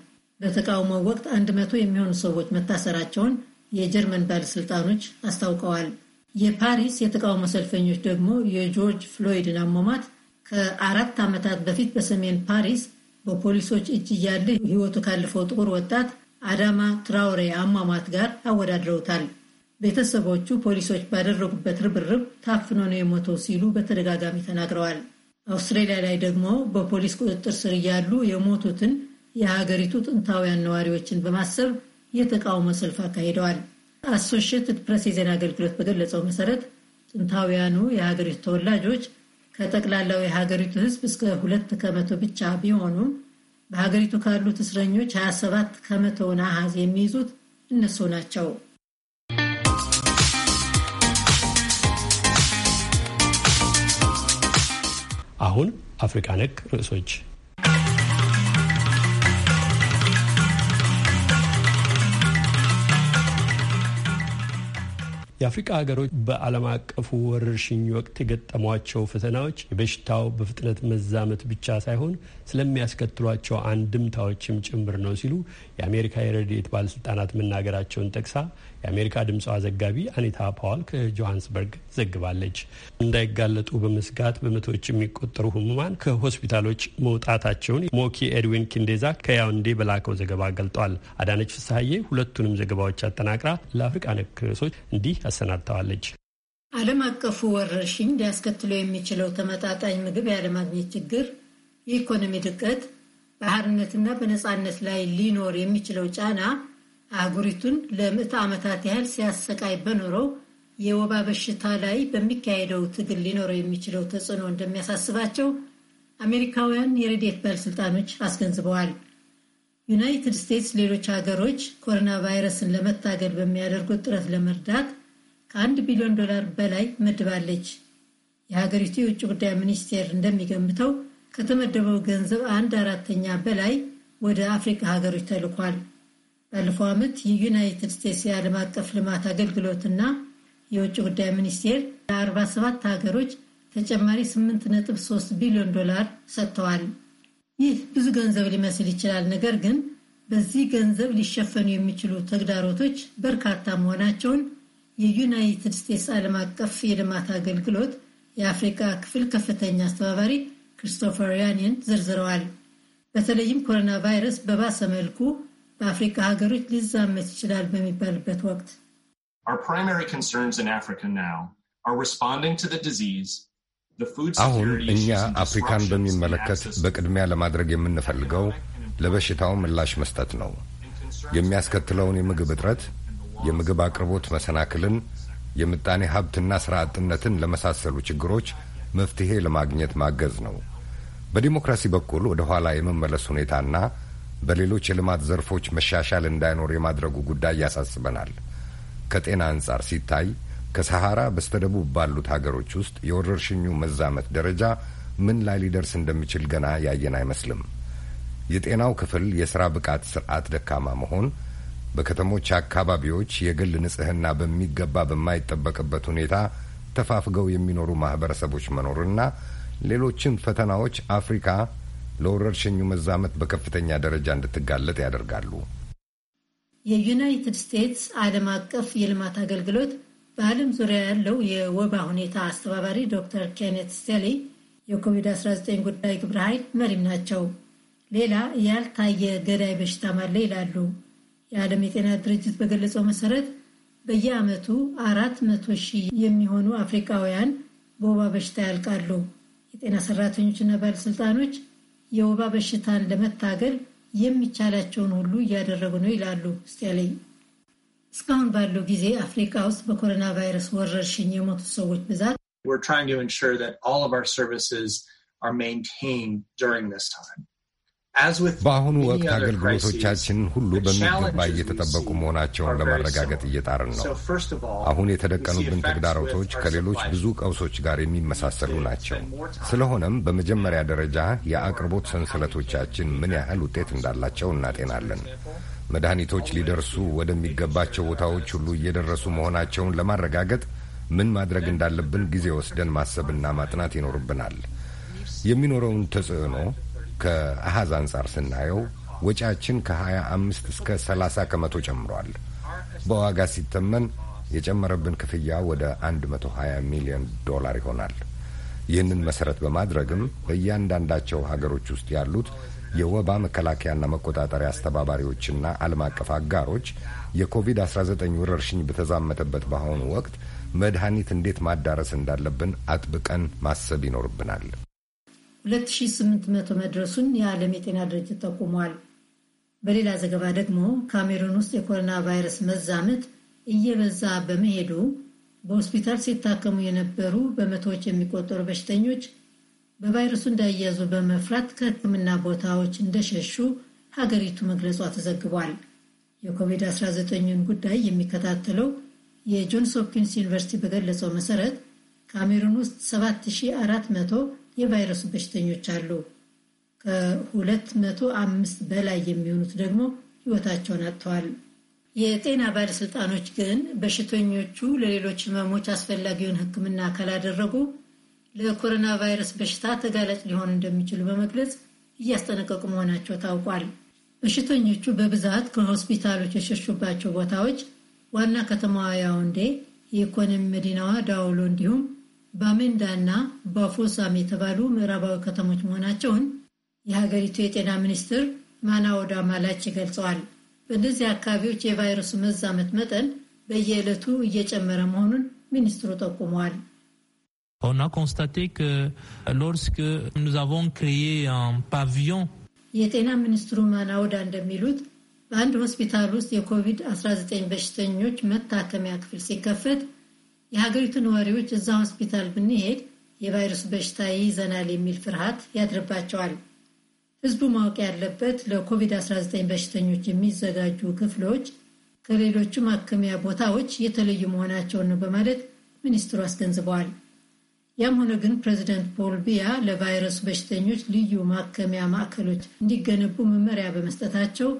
በተቃውሞው ወቅት 100 የሚሆኑ ሰዎች መታሰራቸውን የጀርመን ባለሥልጣኖች አስታውቀዋል። የፓሪስ የተቃውሞ ሰልፈኞች ደግሞ የጆርጅ ፍሎይድን አሟሟት ከአራት ዓመታት በፊት በሰሜን ፓሪስ በፖሊሶች እጅ እያለ ሕይወቱ ካለፈው ጥቁር ወጣት አዳማ ትራውሬ አሟሟት ጋር አወዳድረውታል። ቤተሰቦቹ ፖሊሶች ባደረጉበት ርብርብ ታፍኖ ነው የሞተው ሲሉ በተደጋጋሚ ተናግረዋል። አውስትራሊያ ላይ ደግሞ በፖሊስ ቁጥጥር ስር እያሉ የሞቱትን የሀገሪቱ ጥንታውያን ነዋሪዎችን በማሰብ የተቃውሞ ሰልፍ አካሂደዋል። አሶሽትድ ፕሬስ የዜና አገልግሎት በገለጸው መሰረት ጥንታውያኑ የሀገሪቱ ተወላጆች ከጠቅላላው የሀገሪቱ ህዝብ እስከ ሁለት ከመቶ ብቻ ቢሆኑም በሀገሪቱ ካሉት እስረኞች 27 ከመቶውን አሃዝ የሚይዙት እነሱ ናቸው። አሁን አፍሪካ ነክ ርዕሶች የአፍሪካ ሀገሮች በዓለም አቀፉ ወረርሽኝ ወቅት የገጠሟቸው ፈተናዎች የበሽታው በፍጥነት መዛመት ብቻ ሳይሆን ስለሚያስከትሏቸው አንድምታዎችም ጭምር ነው ሲሉ የአሜሪካ የረድኤት ባለስልጣናት መናገራቸውን ጠቅሳ የአሜሪካ ድምፅዋ ዘጋቢ አኒታ ፓዋል ከጆሃንስበርግ ዘግባለች። እንዳይጋለጡ በመስጋት በመቶዎች የሚቆጠሩ ህሙማን ከሆስፒታሎች መውጣታቸውን ሞኪ ኤድዊን ኪንዴዛ ከያውንዴ በላከው ዘገባ ገልጧል። አዳነች ፍስሀዬ ሁለቱንም ዘገባዎች አጠናቅራ ለአፍሪቃ ነክ ርዕሶች እንዲህ አሰናድተዋለች። ዓለም አቀፉ ወረርሽኝ ሊያስከትለው የሚችለው ተመጣጣኝ ምግብ ያለማግኘት ችግር፣ የኢኮኖሚ ድቀት፣ በሀርነትና በነፃነት ላይ ሊኖር የሚችለው ጫና አህጉሪቱን ለምዕተ ዓመታት ያህል ሲያሰቃይ በኖረው የወባ በሽታ ላይ በሚካሄደው ትግል ሊኖረው የሚችለው ተጽዕኖ እንደሚያሳስባቸው አሜሪካውያን የረድኤት ባለሥልጣኖች አስገንዝበዋል። ዩናይትድ ስቴትስ ሌሎች ሀገሮች ኮሮና ቫይረስን ለመታገል በሚያደርጉት ጥረት ለመርዳት ከአንድ ቢሊዮን ዶላር በላይ መድባለች። የሀገሪቱ የውጭ ጉዳይ ሚኒስቴር እንደሚገምተው ከተመደበው ገንዘብ አንድ አራተኛ በላይ ወደ አፍሪካ ሀገሮች ተልኳል። ባለፈው ዓመት የዩናይትድ ስቴትስ የዓለም አቀፍ ልማት አገልግሎትና የውጭ ጉዳይ ሚኒስቴር ለ47 ሀገሮች ተጨማሪ 8.3 ቢሊዮን ዶላር ሰጥተዋል። ይህ ብዙ ገንዘብ ሊመስል ይችላል። ነገር ግን በዚህ ገንዘብ ሊሸፈኑ የሚችሉ ተግዳሮቶች በርካታ መሆናቸውን የዩናይትድ ስቴትስ ዓለም አቀፍ የልማት አገልግሎት የአፍሪካ ክፍል ከፍተኛ አስተባባሪ ክሪስቶፈር ያኒን ዘርዝረዋል። በተለይም ኮሮና ቫይረስ በባሰ መልኩ በአፍሪካ ሀገሮች ሊዛመት ይችላል በሚባልበት ወቅት አሁን እኛ አፍሪካን በሚመለከት በቅድሚያ ለማድረግ የምንፈልገው ለበሽታው ምላሽ መስጠት ነው። የሚያስከትለውን የምግብ እጥረት፣ የምግብ አቅርቦት መሰናክልን፣ የምጣኔ ሀብትና ሥራ አጥነትን ለመሳሰሉ ችግሮች መፍትሄ ለማግኘት ማገዝ ነው። በዲሞክራሲ በኩል ወደ ኋላ የመመለስ ሁኔታና በሌሎች የልማት ዘርፎች መሻሻል እንዳይኖር የማድረጉ ጉዳይ ያሳስበናል። ከጤና አንጻር ሲታይ ከሰሐራ በስተደቡብ ባሉት ሀገሮች ውስጥ የወረርሽኙ መዛመት ደረጃ ምን ላይ ሊደርስ እንደሚችል ገና ያየን አይመስልም። የጤናው ክፍል የሥራ ብቃት ስርዓት ደካማ መሆን፣ በከተሞች አካባቢዎች የግል ንጽሕና በሚገባ በማይጠበቅበት ሁኔታ ተፋፍገው የሚኖሩ ማኅበረሰቦች መኖርና ሌሎችም ፈተናዎች አፍሪካ ለወረርሽኙ መዛመት በከፍተኛ ደረጃ እንድትጋለጥ ያደርጋሉ። የዩናይትድ ስቴትስ ዓለም አቀፍ የልማት አገልግሎት በዓለም ዙሪያ ያለው የወባ ሁኔታ አስተባባሪ ዶክተር ኬኔት ስቴሊ የኮቪድ-19 ጉዳይ ግብረ ኃይል መሪም ናቸው። ሌላ ያልታየ ገዳይ በሽታም አለ ይላሉ። የዓለም የጤና ድርጅት በገለጸው መሰረት በየዓመቱ አራት መቶ ሺህ የሚሆኑ አፍሪካውያን በወባ በሽታ ያልቃሉ። የጤና ሰራተኞችና ባለሥልጣኖች የወባ በሽታን ለመታገል የሚቻላቸውን ሁሉ እያደረጉ ነው ይላሉ ስቲያለኝ። እስካሁን ባለው ጊዜ አፍሪካ ውስጥ በኮሮና ቫይረስ ወረርሽኝ የሞቱ ሰዎች ብዛት we're trying to ensure that all of our services are maintained during this time. በአሁኑ ወቅት አገልግሎቶቻችን ሁሉ በሚገባ እየተጠበቁ መሆናቸውን ለማረጋገጥ እየጣርን ነው። አሁን የተደቀኑብን ተግዳሮቶች ከሌሎች ብዙ ቀውሶች ጋር የሚመሳሰሉ ናቸው። ስለሆነም በመጀመሪያ ደረጃ የአቅርቦት ሰንሰለቶቻችን ምን ያህል ውጤት እንዳላቸው እናጤናለን። መድኃኒቶች ሊደርሱ ወደሚገባቸው ቦታዎች ሁሉ እየደረሱ መሆናቸውን ለማረጋገጥ ምን ማድረግ እንዳለብን ጊዜ ወስደን ማሰብና ማጥናት ይኖርብናል። የሚኖረውን ተጽዕኖ ከአሃዝ አንጻር ስናየው ወጪያችን ከ25 እስከ 30 ከመቶ ጨምሯል። በዋጋ ሲተመን የጨመረብን ክፍያ ወደ 120 ሚሊዮን ዶላር ይሆናል። ይህንን መሰረት በማድረግም በእያንዳንዳቸው ሀገሮች ውስጥ ያሉት የወባ መከላከያና መቆጣጠሪያ አስተባባሪዎችና ዓለም አቀፍ አጋሮች የኮቪድ-19 ወረርሽኝ በተዛመተበት በአሁኑ ወቅት መድኃኒት እንዴት ማዳረስ እንዳለብን አጥብቀን ማሰብ ይኖርብናል። 2800 መድረሱን የዓለም የጤና ድርጅት ጠቁሟል። በሌላ ዘገባ ደግሞ ካሜሩን ውስጥ የኮሮና ቫይረስ መዛመት እየበዛ በመሄዱ በሆስፒታል ሲታከሙ የነበሩ በመቶዎች የሚቆጠሩ በሽተኞች በቫይረሱ እንዳያዙ በመፍራት ከሕክምና ቦታዎች እንደሸሹ ሀገሪቱ መግለጿ ተዘግቧል። የኮቪድ-19ን ጉዳይ የሚከታተለው የጆንስ ሆፕኪንስ ዩኒቨርሲቲ በገለጸው መሰረት ካሜሩን ውስጥ 7400 የቫይረሱ በሽተኞች አሉ። አምስት በላይ የሚሆኑት ደግሞ ህይወታቸውን አጥተዋል። የጤና ባለስልጣኖች ግን በሽተኞቹ ለሌሎች ህመሞች አስፈላጊውን ሕክምና ካላደረጉ ለኮሮና ቫይረስ በሽታ ተጋላጭ ሊሆኑ እንደሚችሉ በመግለጽ እያስጠነቀቁ መሆናቸው ታውቋል። በሽተኞቹ በብዛት ከሆስፒታሎች የሸሹባቸው ቦታዎች ዋና ከተማዋ ያውንዴ፣ የኢኮኖሚ መዲናዋ ዳውሎ እንዲሁም ባሜንዳ እና ባፎሳም የተባሉ ምዕራባዊ ከተሞች መሆናቸውን የሀገሪቱ የጤና ሚኒስትር ማናወዳ ማላች ገልጸዋል። በእነዚህ አካባቢዎች የቫይረሱ መዛመት መጠን በየዕለቱ እየጨመረ መሆኑን ሚኒስትሩ ጠቁመዋል። On a የጤና ሚኒስትሩ ማናወዳ እንደሚሉት በአንድ ሆስፒታል ውስጥ የኮቪድ-19 በሽተኞች መታከሚያ ክፍል ሲከፈት የሀገሪቱ ነዋሪዎች እዛ ሆስፒታል ብንሄድ የቫይረሱ በሽታ ይይዘናል የሚል ፍርሃት ያድርባቸዋል። ህዝቡ ማወቅ ያለበት ለኮቪድ-19 በሽተኞች የሚዘጋጁ ክፍሎች ከሌሎቹ ማከሚያ ቦታዎች የተለዩ መሆናቸውን ነው በማለት ሚኒስትሩ አስገንዝበዋል። ያም ሆነ ግን ፕሬዚደንት ፖል ቢያ ለቫይረሱ በሽተኞች ልዩ ማከሚያ ማዕከሎች እንዲገነቡ መመሪያ በመስጠታቸው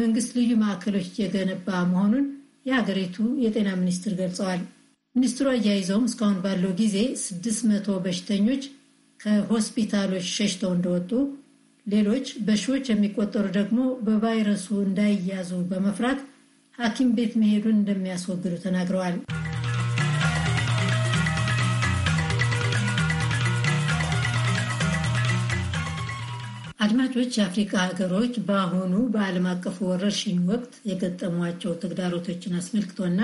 መንግስት ልዩ ማዕከሎች እየገነባ መሆኑን የሀገሪቱ የጤና ሚኒስትር ገልጸዋል። ሚኒስትሩ አያይዘውም እስካሁን ባለው ጊዜ 600 በሽተኞች ከሆስፒታሎች ሸሽተው እንደወጡ፣ ሌሎች በሺዎች የሚቆጠሩ ደግሞ በቫይረሱ እንዳይያዙ በመፍራት ሐኪም ቤት መሄዱን እንደሚያስወግዱ ተናግረዋል። አድማጮች፣ የአፍሪካ ሀገሮች በአሁኑ በዓለም አቀፉ ወረርሽኝ ወቅት የገጠሟቸው ተግዳሮቶችን አስመልክቶና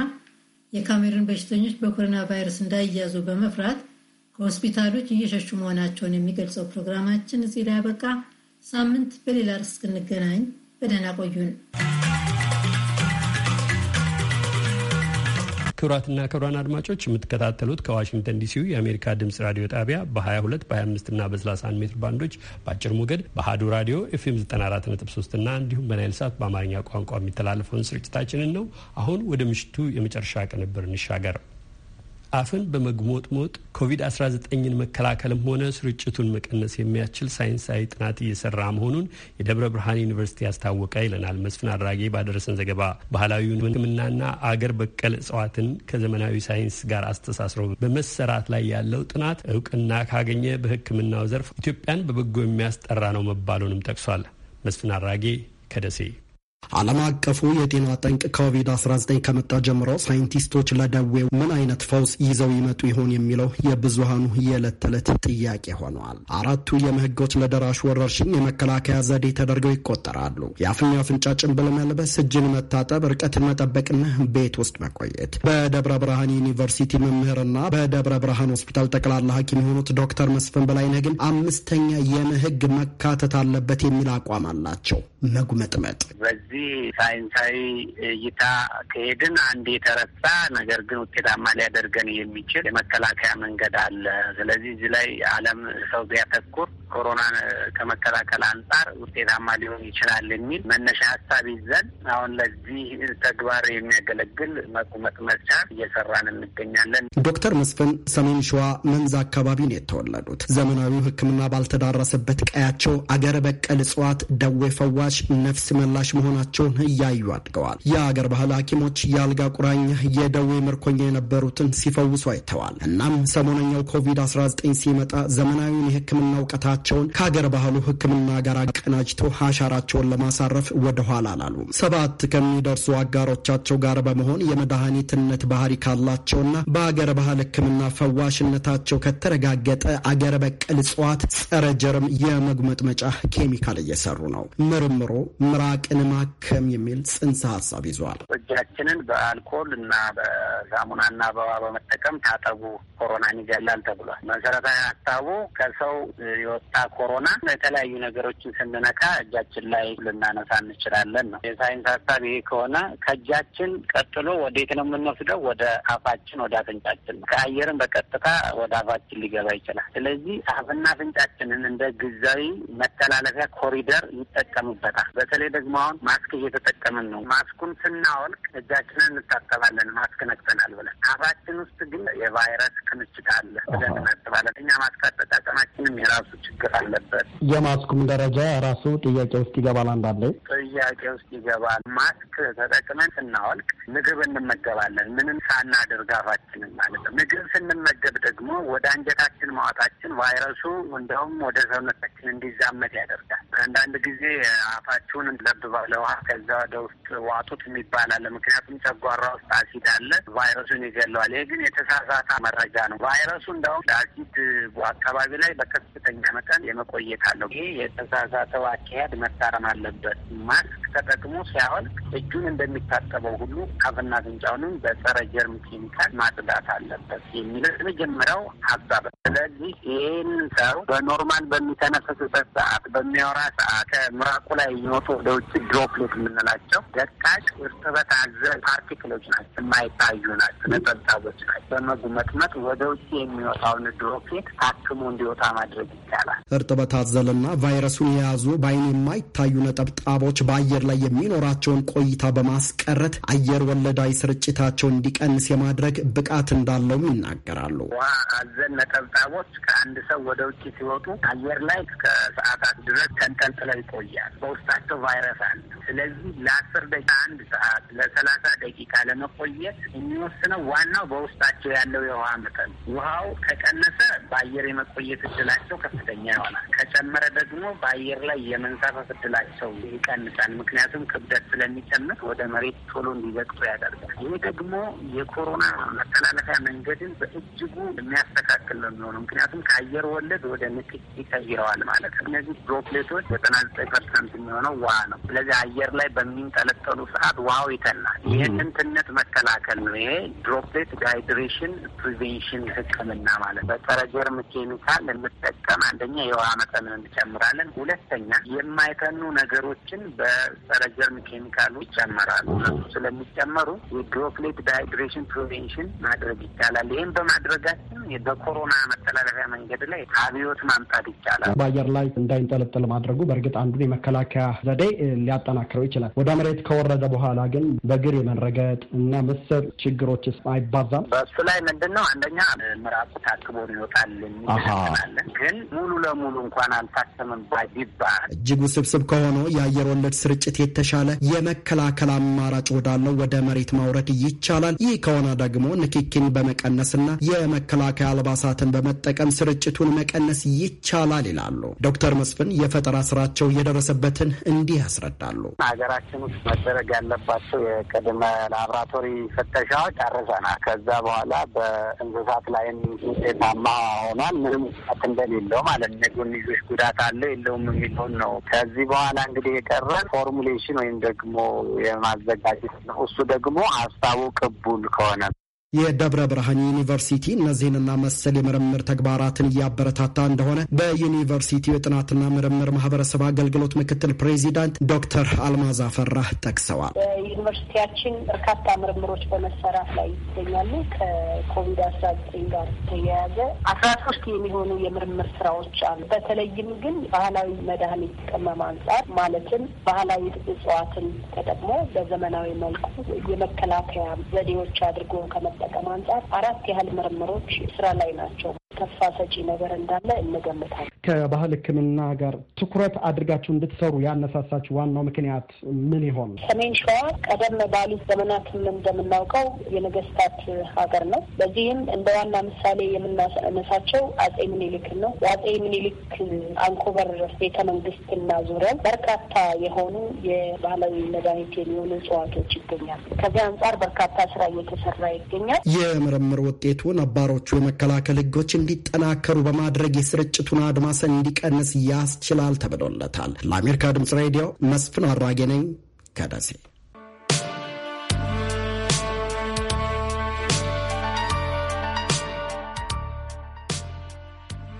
የካሜሩን በሽተኞች በኮሮና ቫይረስ እንዳይያዙ በመፍራት ከሆስፒታሎች እየሸሹ መሆናቸውን የሚገልጸው ፕሮግራማችን እዚህ ላይ ያበቃ። ሳምንት በሌላ ርዕስ እስክንገናኝ በደህና ቆዩን። ክቡራትና ክቡራን አድማጮች የምትከታተሉት ከዋሽንግተን ዲሲው የአሜሪካ ድምጽ ራዲዮ ጣቢያ በ22 በ25 ና በ31 ሜትር ባንዶች በአጭር ሞገድ በአሀዱ ራዲዮ ኤፍኤም 943 እና እንዲሁም በናይል ሳት በአማርኛ ቋንቋ የሚተላለፈውን ስርጭታችንን ነው። አሁን ወደ ምሽቱ የመጨረሻ ቅንብር እንሻገር። አፍን በመግሞጥሞጥ ኮቪድ-19ን መከላከልም ሆነ ስርጭቱን መቀነስ የሚያስችል ሳይንሳዊ ጥናት እየሰራ መሆኑን የደብረ ብርሃን ዩኒቨርሲቲ ያስታወቀ ይለናል መስፍን አድራጌ ባደረሰን ዘገባ። ባህላዊ ሕክምናና አገር በቀል እጽዋትን ከዘመናዊ ሳይንስ ጋር አስተሳስሮ በመሰራት ላይ ያለው ጥናት እውቅና ካገኘ በሕክምናው ዘርፍ ኢትዮጵያን በበጎ የሚያስጠራ ነው መባሉንም ጠቅሷል። መስፍን አድራጌ ከደሴ ዓለም አቀፉ የጤና ጠንቅ ኮቪድ-19 ከመጣ ጀምሮ ሳይንቲስቶች ለደዌው ምን አይነት ፈውስ ይዘው ይመጡ ይሆን የሚለው የብዙሃኑ የዕለት ተዕለት ጥያቄ ሆኗል። አራቱ የምህጎች ለደራሽ ወረርሽኝ የመከላከያ ዘዴ ተደርገው ይቆጠራሉ። የአፍና አፍንጫ ጭንብል መልበስ፣ እጅን መታጠብ፣ ርቀትን መጠበቅና ቤት ውስጥ መቆየት። በደብረ ብርሃን ዩኒቨርሲቲ መምህርና በደብረ ብርሃን ሆስፒታል ጠቅላላ ሐኪም የሆኑት ዶክተር መስፍን በላይነህ ግን አምስተኛ የምህግ መካተት አለበት የሚል አቋም አላቸው። መጉመጥመጥ በዚህ ሳይንሳዊ እይታ ከሄድን አንድ የተረሳ ነገር ግን ውጤታማ ሊያደርገን የሚችል የመከላከያ መንገድ አለ። ስለዚህ እዚህ ላይ ዓለም ሰው ቢያተኩር ኮሮና ከመከላከል አንጻር ውጤታማ ሊሆን ይችላል የሚል መነሻ ሀሳብ ይዘን አሁን ለዚህ ተግባር የሚያገለግል መቁመጥ መስቻ እየሰራን እንገኛለን። ዶክተር መስፍን ሰሜን ሸዋ መንዝ አካባቢ ነው የተወለዱት። ዘመናዊው ሕክምና ባልተዳረሰበት ቀያቸው አገር በቀል እጽዋት ደዌ ፈዋሽ፣ ነፍስ መላሽ መሆናቸው አይናቸውን እያዩ አድገዋል። የአገር ባህል ሐኪሞች የአልጋ ቁራኛ የደዌ ምርኮኛ የነበሩትን ሲፈውሱ አይተዋል። እናም ሰሞነኛው ኮቪድ-19 ሲመጣ ዘመናዊውን የህክምና እውቀታቸውን ከአገር ባህሉ ህክምና ጋር አቀናጅቶ አሻራቸውን ለማሳረፍ ወደኋላ አላሉ። ሰባት ከሚደርሱ አጋሮቻቸው ጋር በመሆን የመድኃኒትነት ባህሪ ካላቸውና በአገር ባህል ህክምና ፈዋሽነታቸው ከተረጋገጠ አገር በቀል እጽዋት ጸረ ጀርም የመጉመጥመጫ ኬሚካል እየሰሩ ነው። ምርምሮ ምራቅን ማ ማከም የሚል ጽንሰ ሀሳብ ይዟል። እጃችንን በአልኮል እና በሳሙናና በውሃ በመጠቀም ታጠቡ፣ ኮሮናን ይገላል ተብሏል። መሰረታዊ ሀሳቡ ከሰው የወጣ ኮሮና የተለያዩ ነገሮችን ስንነካ እጃችን ላይ ልናነሳ እንችላለን ነው። የሳይንስ ሀሳብ ይሄ ከሆነ ከእጃችን ቀጥሎ ወዴት ነው የምንወስደው? ወደ አፋችን፣ ወደ አፍንጫችን ነው። ከአየርም በቀጥታ ወደ አፋችን ሊገባ ይችላል። ስለዚህ አፍና አፍንጫችንን እንደ ጊዜያዊ መተላለፊያ ኮሪደር ይጠቀሙበታል። በተለይ ደግሞ አሁን ማስክ እየተጠቀምን ነው። ማስኩን ስናወልቅ እጃችንን እንታጠባለን፣ ማስክ ነቅተናል ብለን አፋችን ውስጥ ግን የቫይረስ ክምችት አለ ብለን እናጥባለን። እኛ ማስክ አጠቃቀማችንም የራሱ ችግር አለበት። የማስኩም ደረጃ ራሱ ጥያቄ ውስጥ ይገባል። አንዳንዴ ጥያቄ ውስጥ ይገባል። ማስክ ተጠቅመን ስናወልቅ ምግብ እንመገባለን፣ ምንም ሳናደርግ አፋችንን ማለት ነው። ምግብ ስንመገብ ደግሞ ወደ አንጀታችን ማዋጣችን ቫይረሱ እንደውም ወደ ሰውነታችን እንዲዛመድ ያደርጋል። አንዳንድ ጊዜ አፋችሁን ለብ ባለው ውሃ ከዛ ወደ ውስጥ ዋጡት የሚባል አለ። ምክንያቱም ጨጓራ ውስጥ አሲድ አለ፣ ቫይረሱን ይገለዋል። ይህ ግን የተሳሳተ መረጃ ነው። ቫይረሱ እንደውም አሲድ አካባቢ ላይ በከፍተኛ መጠን የመቆየት አለው። ይህ የተሳሳተው አካሄድ መታረም አለበት። ማስክ ተጠቅሞ ሳይሆን እጁን እንደሚታጠበው ሁሉ አፍና አፍንጫውንም በጸረ ጀርም ኬሚካል ማጽዳት አለበት የሚለው የመጀመሪያው ሀሳብ። ስለዚህ ይህን ሰው በኖርማል በሚተነፍስበት ሰዓት፣ በሚያወራ ሰዓት ከምራቁ ላይ እየወጡ ወደ ውጭ ድሮፕ ዲክሎት የምንላቸው ደቃቅ እርጥበት አዘል ፓርቲክሎች ናቸው፣ የማይታዩ ናቸው፣ ነጠብጣቦች ናቸው። በመጉመጥመጥ ወደ ውጭ የሚወጣውን ድሮኬት ታክሞ እንዲወጣ ማድረግ ይቻላል። እርጥበት አዘልና ቫይረሱን የያዙ በአይን የማይታዩ ነጠብጣቦች በአየር ላይ የሚኖራቸውን ቆይታ በማስቀረት አየር ወለዳዊ ስርጭታቸው እንዲቀንስ የማድረግ ብቃት እንዳለውም ይናገራሉ። ውሃ አዘል ነጠብጣቦች ከአንድ ሰው ወደ ውጭ ሲወጡ አየር ላይ እስከ ሰዓታት ድረስ ተንጠልጥለው ይቆያል። በውስጣቸው ቫይረስ አለ። ስለዚህ ለአስር ደቂቃ አንድ ሰዓት ለሰላሳ ደቂቃ ለመቆየት የሚወስነው ዋናው በውስጣቸው ያለው የውሃ መጠን። ውሃው ከቀነሰ በአየር የመቆየት እድላቸው ከፍተኛ ይሆናል። ከጨመረ ደግሞ በአየር ላይ የመንሳፈፍ እድላቸው ይቀንሳል። ምክንያቱም ክብደት ስለሚጨምር ወደ መሬት ቶሎ እንዲዘቅጡ ያደርጋል። ይህ ደግሞ የኮሮና መተላለፊያ መንገድን በእጅጉ የሚያስተካክል ነው የሚሆነው። ምክንያቱም ከአየር ወለድ ወደ ንክኪ ይቀይረዋል ማለት ነው። እነዚህ ድሮፕሌቶች ዘጠና ዘጠኝ ፐርሰንት የሚሆነው ውሃ ነው። ስለዚህ አየር ላይ በሚንጠለጠሉ ሰዓት ዋው ይተናል። ይህንን ትነት መከላከል ነው። ይሄ ድሮፕሌት ዳይድሬሽን ፕሪቬንሽን ህክምና ማለት በጸረ ጀርም ኬሚካል የምጠቀም አንደኛ የውሃ መጠንን እንጨምራለን። ሁለተኛ የማይተኑ ነገሮችን በጸረ ጀርም ኬሚካሉ ይጨመራሉ። እነሱ ስለሚጨመሩ የድሮፕሌት ዳይድሬሽን ፕሪቬንሽን ማድረግ ይቻላል። ይህም በማድረጋችን በኮሮና መተላለፊያ መንገድ ላይ አብዮት ማምጣት ይቻላል። በአየር ላይ እንዳይንጠለጠል ማድረጉ በእርግጥ አንዱን የመከላከያ ዘዴ ሊያጠና ሊያጠናክረው ይችላል። ወደ መሬት ከወረደ በኋላ ግን በግር የመረገጥ እና መሰል ችግሮች አይባዛም። በእሱ ላይ ምንድን ነው አንደኛ ምራቁ ታክቦ ይወጣል የሚላለ ግን ሙሉ ለሙሉ እንኳን አልታከምም ባይባል እጅግ ውስብስብ ከሆኖ የአየር ወለድ ስርጭት የተሻለ የመከላከል አማራጭ ወዳለው ወደ መሬት ማውረድ ይቻላል። ይህ ከሆነ ደግሞ ንክኪን በመቀነስና የመከላከያ አልባሳትን በመጠቀም ስርጭቱን መቀነስ ይቻላል ይላሉ ዶክተር መስፍን የፈጠራ ስራቸው የደረሰበትን እንዲህ ያስረዳሉ። ሀገራችን ውስጥ መደረግ ያለባቸው የቅድመ ላብራቶሪ ፍተሻዎች ጨርሰናል። ከዛ በኋላ በእንስሳት ላይም ውጤታማ ሆኗል። ምንም ውጤት እንደሌለው ማለት ነው። የጎንዮሽ ጉዳት አለ የለውም የሚለውን ነው። ከዚህ በኋላ እንግዲህ የቀረ ፎርሙሌሽን ወይም ደግሞ የማዘጋጀት ነው። እሱ ደግሞ ሀሳቡ ቅቡል ከሆነ የደብረ ብርሃን ዩኒቨርሲቲ እነዚህንና መሰል የምርምር ተግባራትን እያበረታታ እንደሆነ በዩኒቨርሲቲው የጥናትና ምርምር ማህበረሰብ አገልግሎት ምክትል ፕሬዚዳንት ዶክተር አልማዝ አፈራ ጠቅሰዋል። በዩኒቨርሲቲያችን በርካታ ምርምሮች በመሰራት ላይ ይገኛሉ። ከኮቪድ አስራ ዘጠኝ ጋር ተያያዘ አስራ ሶስት የሚሆኑ የምርምር ስራዎች አሉ። በተለይም ግን ባህላዊ መድኃኒት ቅመማ አንጻር ማለትም ባህላዊ እጽዋትን ተጠቅሞ በዘመናዊ መልኩ የመከላከያ ዘዴዎች አድርጎ ከመጣ ከመጠቀም አንጻር አራት ያህል ምርምሮች ስራ ላይ ናቸው። ተስፋ ሰጪ ነገር እንዳለ እንገምታለን። ከባህል ሕክምና ጋር ትኩረት አድርጋችሁ እንድትሰሩ ያነሳሳችሁ ዋናው ምክንያት ምን ይሆን? ሰሜን ሸዋ ቀደም ባሉት ዘመናትም እንደምናውቀው የነገስታት ሀገር ነው። በዚህም እንደ ዋና ምሳሌ የምናነሳቸው አጼ ምኒልክን ነው። የአጼ ምኒልክ አንኮበር ቤተ መንግስትና ዙሪያው በርካታ የሆኑ የባህላዊ መድኃኒት የሚሆኑ እጽዋቶች ይገኛሉ። ከዚህ አንጻር በርካታ ስራ እየተሰራ ይገኛል። የምርምር ውጤቱ ነባሮቹ የመከላከል ህጎች እንዲጠናከሩ በማድረግ የስርጭቱን አድማሰን እንዲቀንስ ያስችላል ተብሎለታል። ለአሜሪካ ድምጽ ሬዲዮ መስፍን አራጌ ነኝ ከደሴ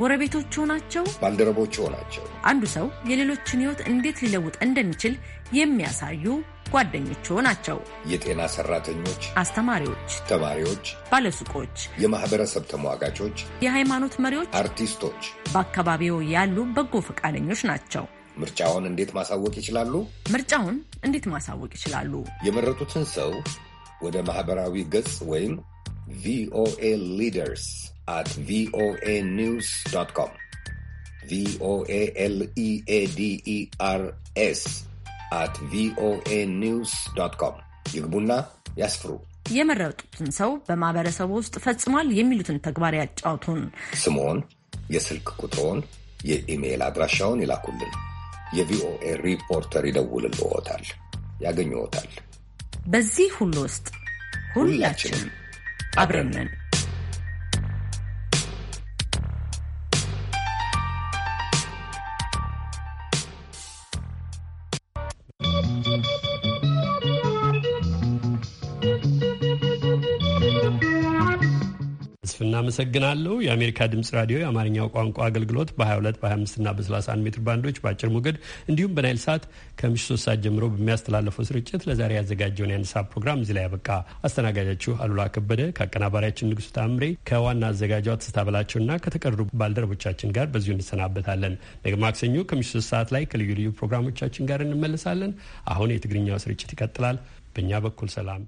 ጎረቤቶች ሆናቸው፣ ባልደረቦች ሆናቸው አንዱ ሰው የሌሎችን ሕይወት እንዴት ሊለውጥ እንደሚችል የሚያሳዩ ጓደኞች ናቸው። የጤና ሰራተኞች፣ አስተማሪዎች፣ ተማሪዎች፣ ባለሱቆች፣ የማህበረሰብ ተሟጋቾች፣ የሃይማኖት መሪዎች፣ አርቲስቶች፣ በአካባቢው ያሉ በጎ ፈቃደኞች ናቸው። ምርጫውን እንዴት ማሳወቅ ይችላሉ? ምርጫውን እንዴት ማሳወቅ ይችላሉ? የመረጡትን ሰው ወደ ማህበራዊ ገጽ ወይም ቪኦኤ ሊደርስ at ቪኦኤ ኒውስ ዶት ኮም ቪኦኤ ኤልኢኤዲኢአርኤስ አት ቪኦኤ ኒውስ ዶት ኮም ይግቡና ያስፍሩ። የመረጡትን ሰው በማህበረሰቡ ውስጥ ፈጽሟል የሚሉትን ተግባር ያጫውቱን። ስሞን የስልክ ቁጥሮን፣ የኢሜይል አድራሻውን ይላኩልን። የቪኦኤ ሪፖርተር ይደውልልዎታል፣ ያገኝዎታል። በዚህ ሁሉ ውስጥ ሁላችንም አብረን እናመሰግናለሁ። የአሜሪካ ድምጽ ራዲዮ የአማርኛው ቋንቋ አገልግሎት በ22 በ25ና በ31 ሜትር ባንዶች በአጭር ሞገድ እንዲሁም በናይል ሰዓት ከምሽቱ 3 ሰዓት ጀምሮ በሚያስተላለፈው ስርጭት ለዛሬ ያዘጋጀውን የአንድ ፕሮግራም እዚህ ላይ ያበቃ። አስተናጋጃችሁ አሉላ ከበደ ከአቀናባሪያችን ንጉሱ ታምሬ ከዋና አዘጋጇ ትስታበላቸውና ከተቀሩ ባልደረቦቻችን ጋር በዚሁ እንሰናበታለን። ነገ ማክሰኞ ከምሽቱ ሰዓት ላይ ከልዩ ልዩ ፕሮግራሞቻችን ጋር እንመለሳለን። አሁን የትግርኛው ስርጭት ይቀጥላል። በእኛ በኩል ሰላም።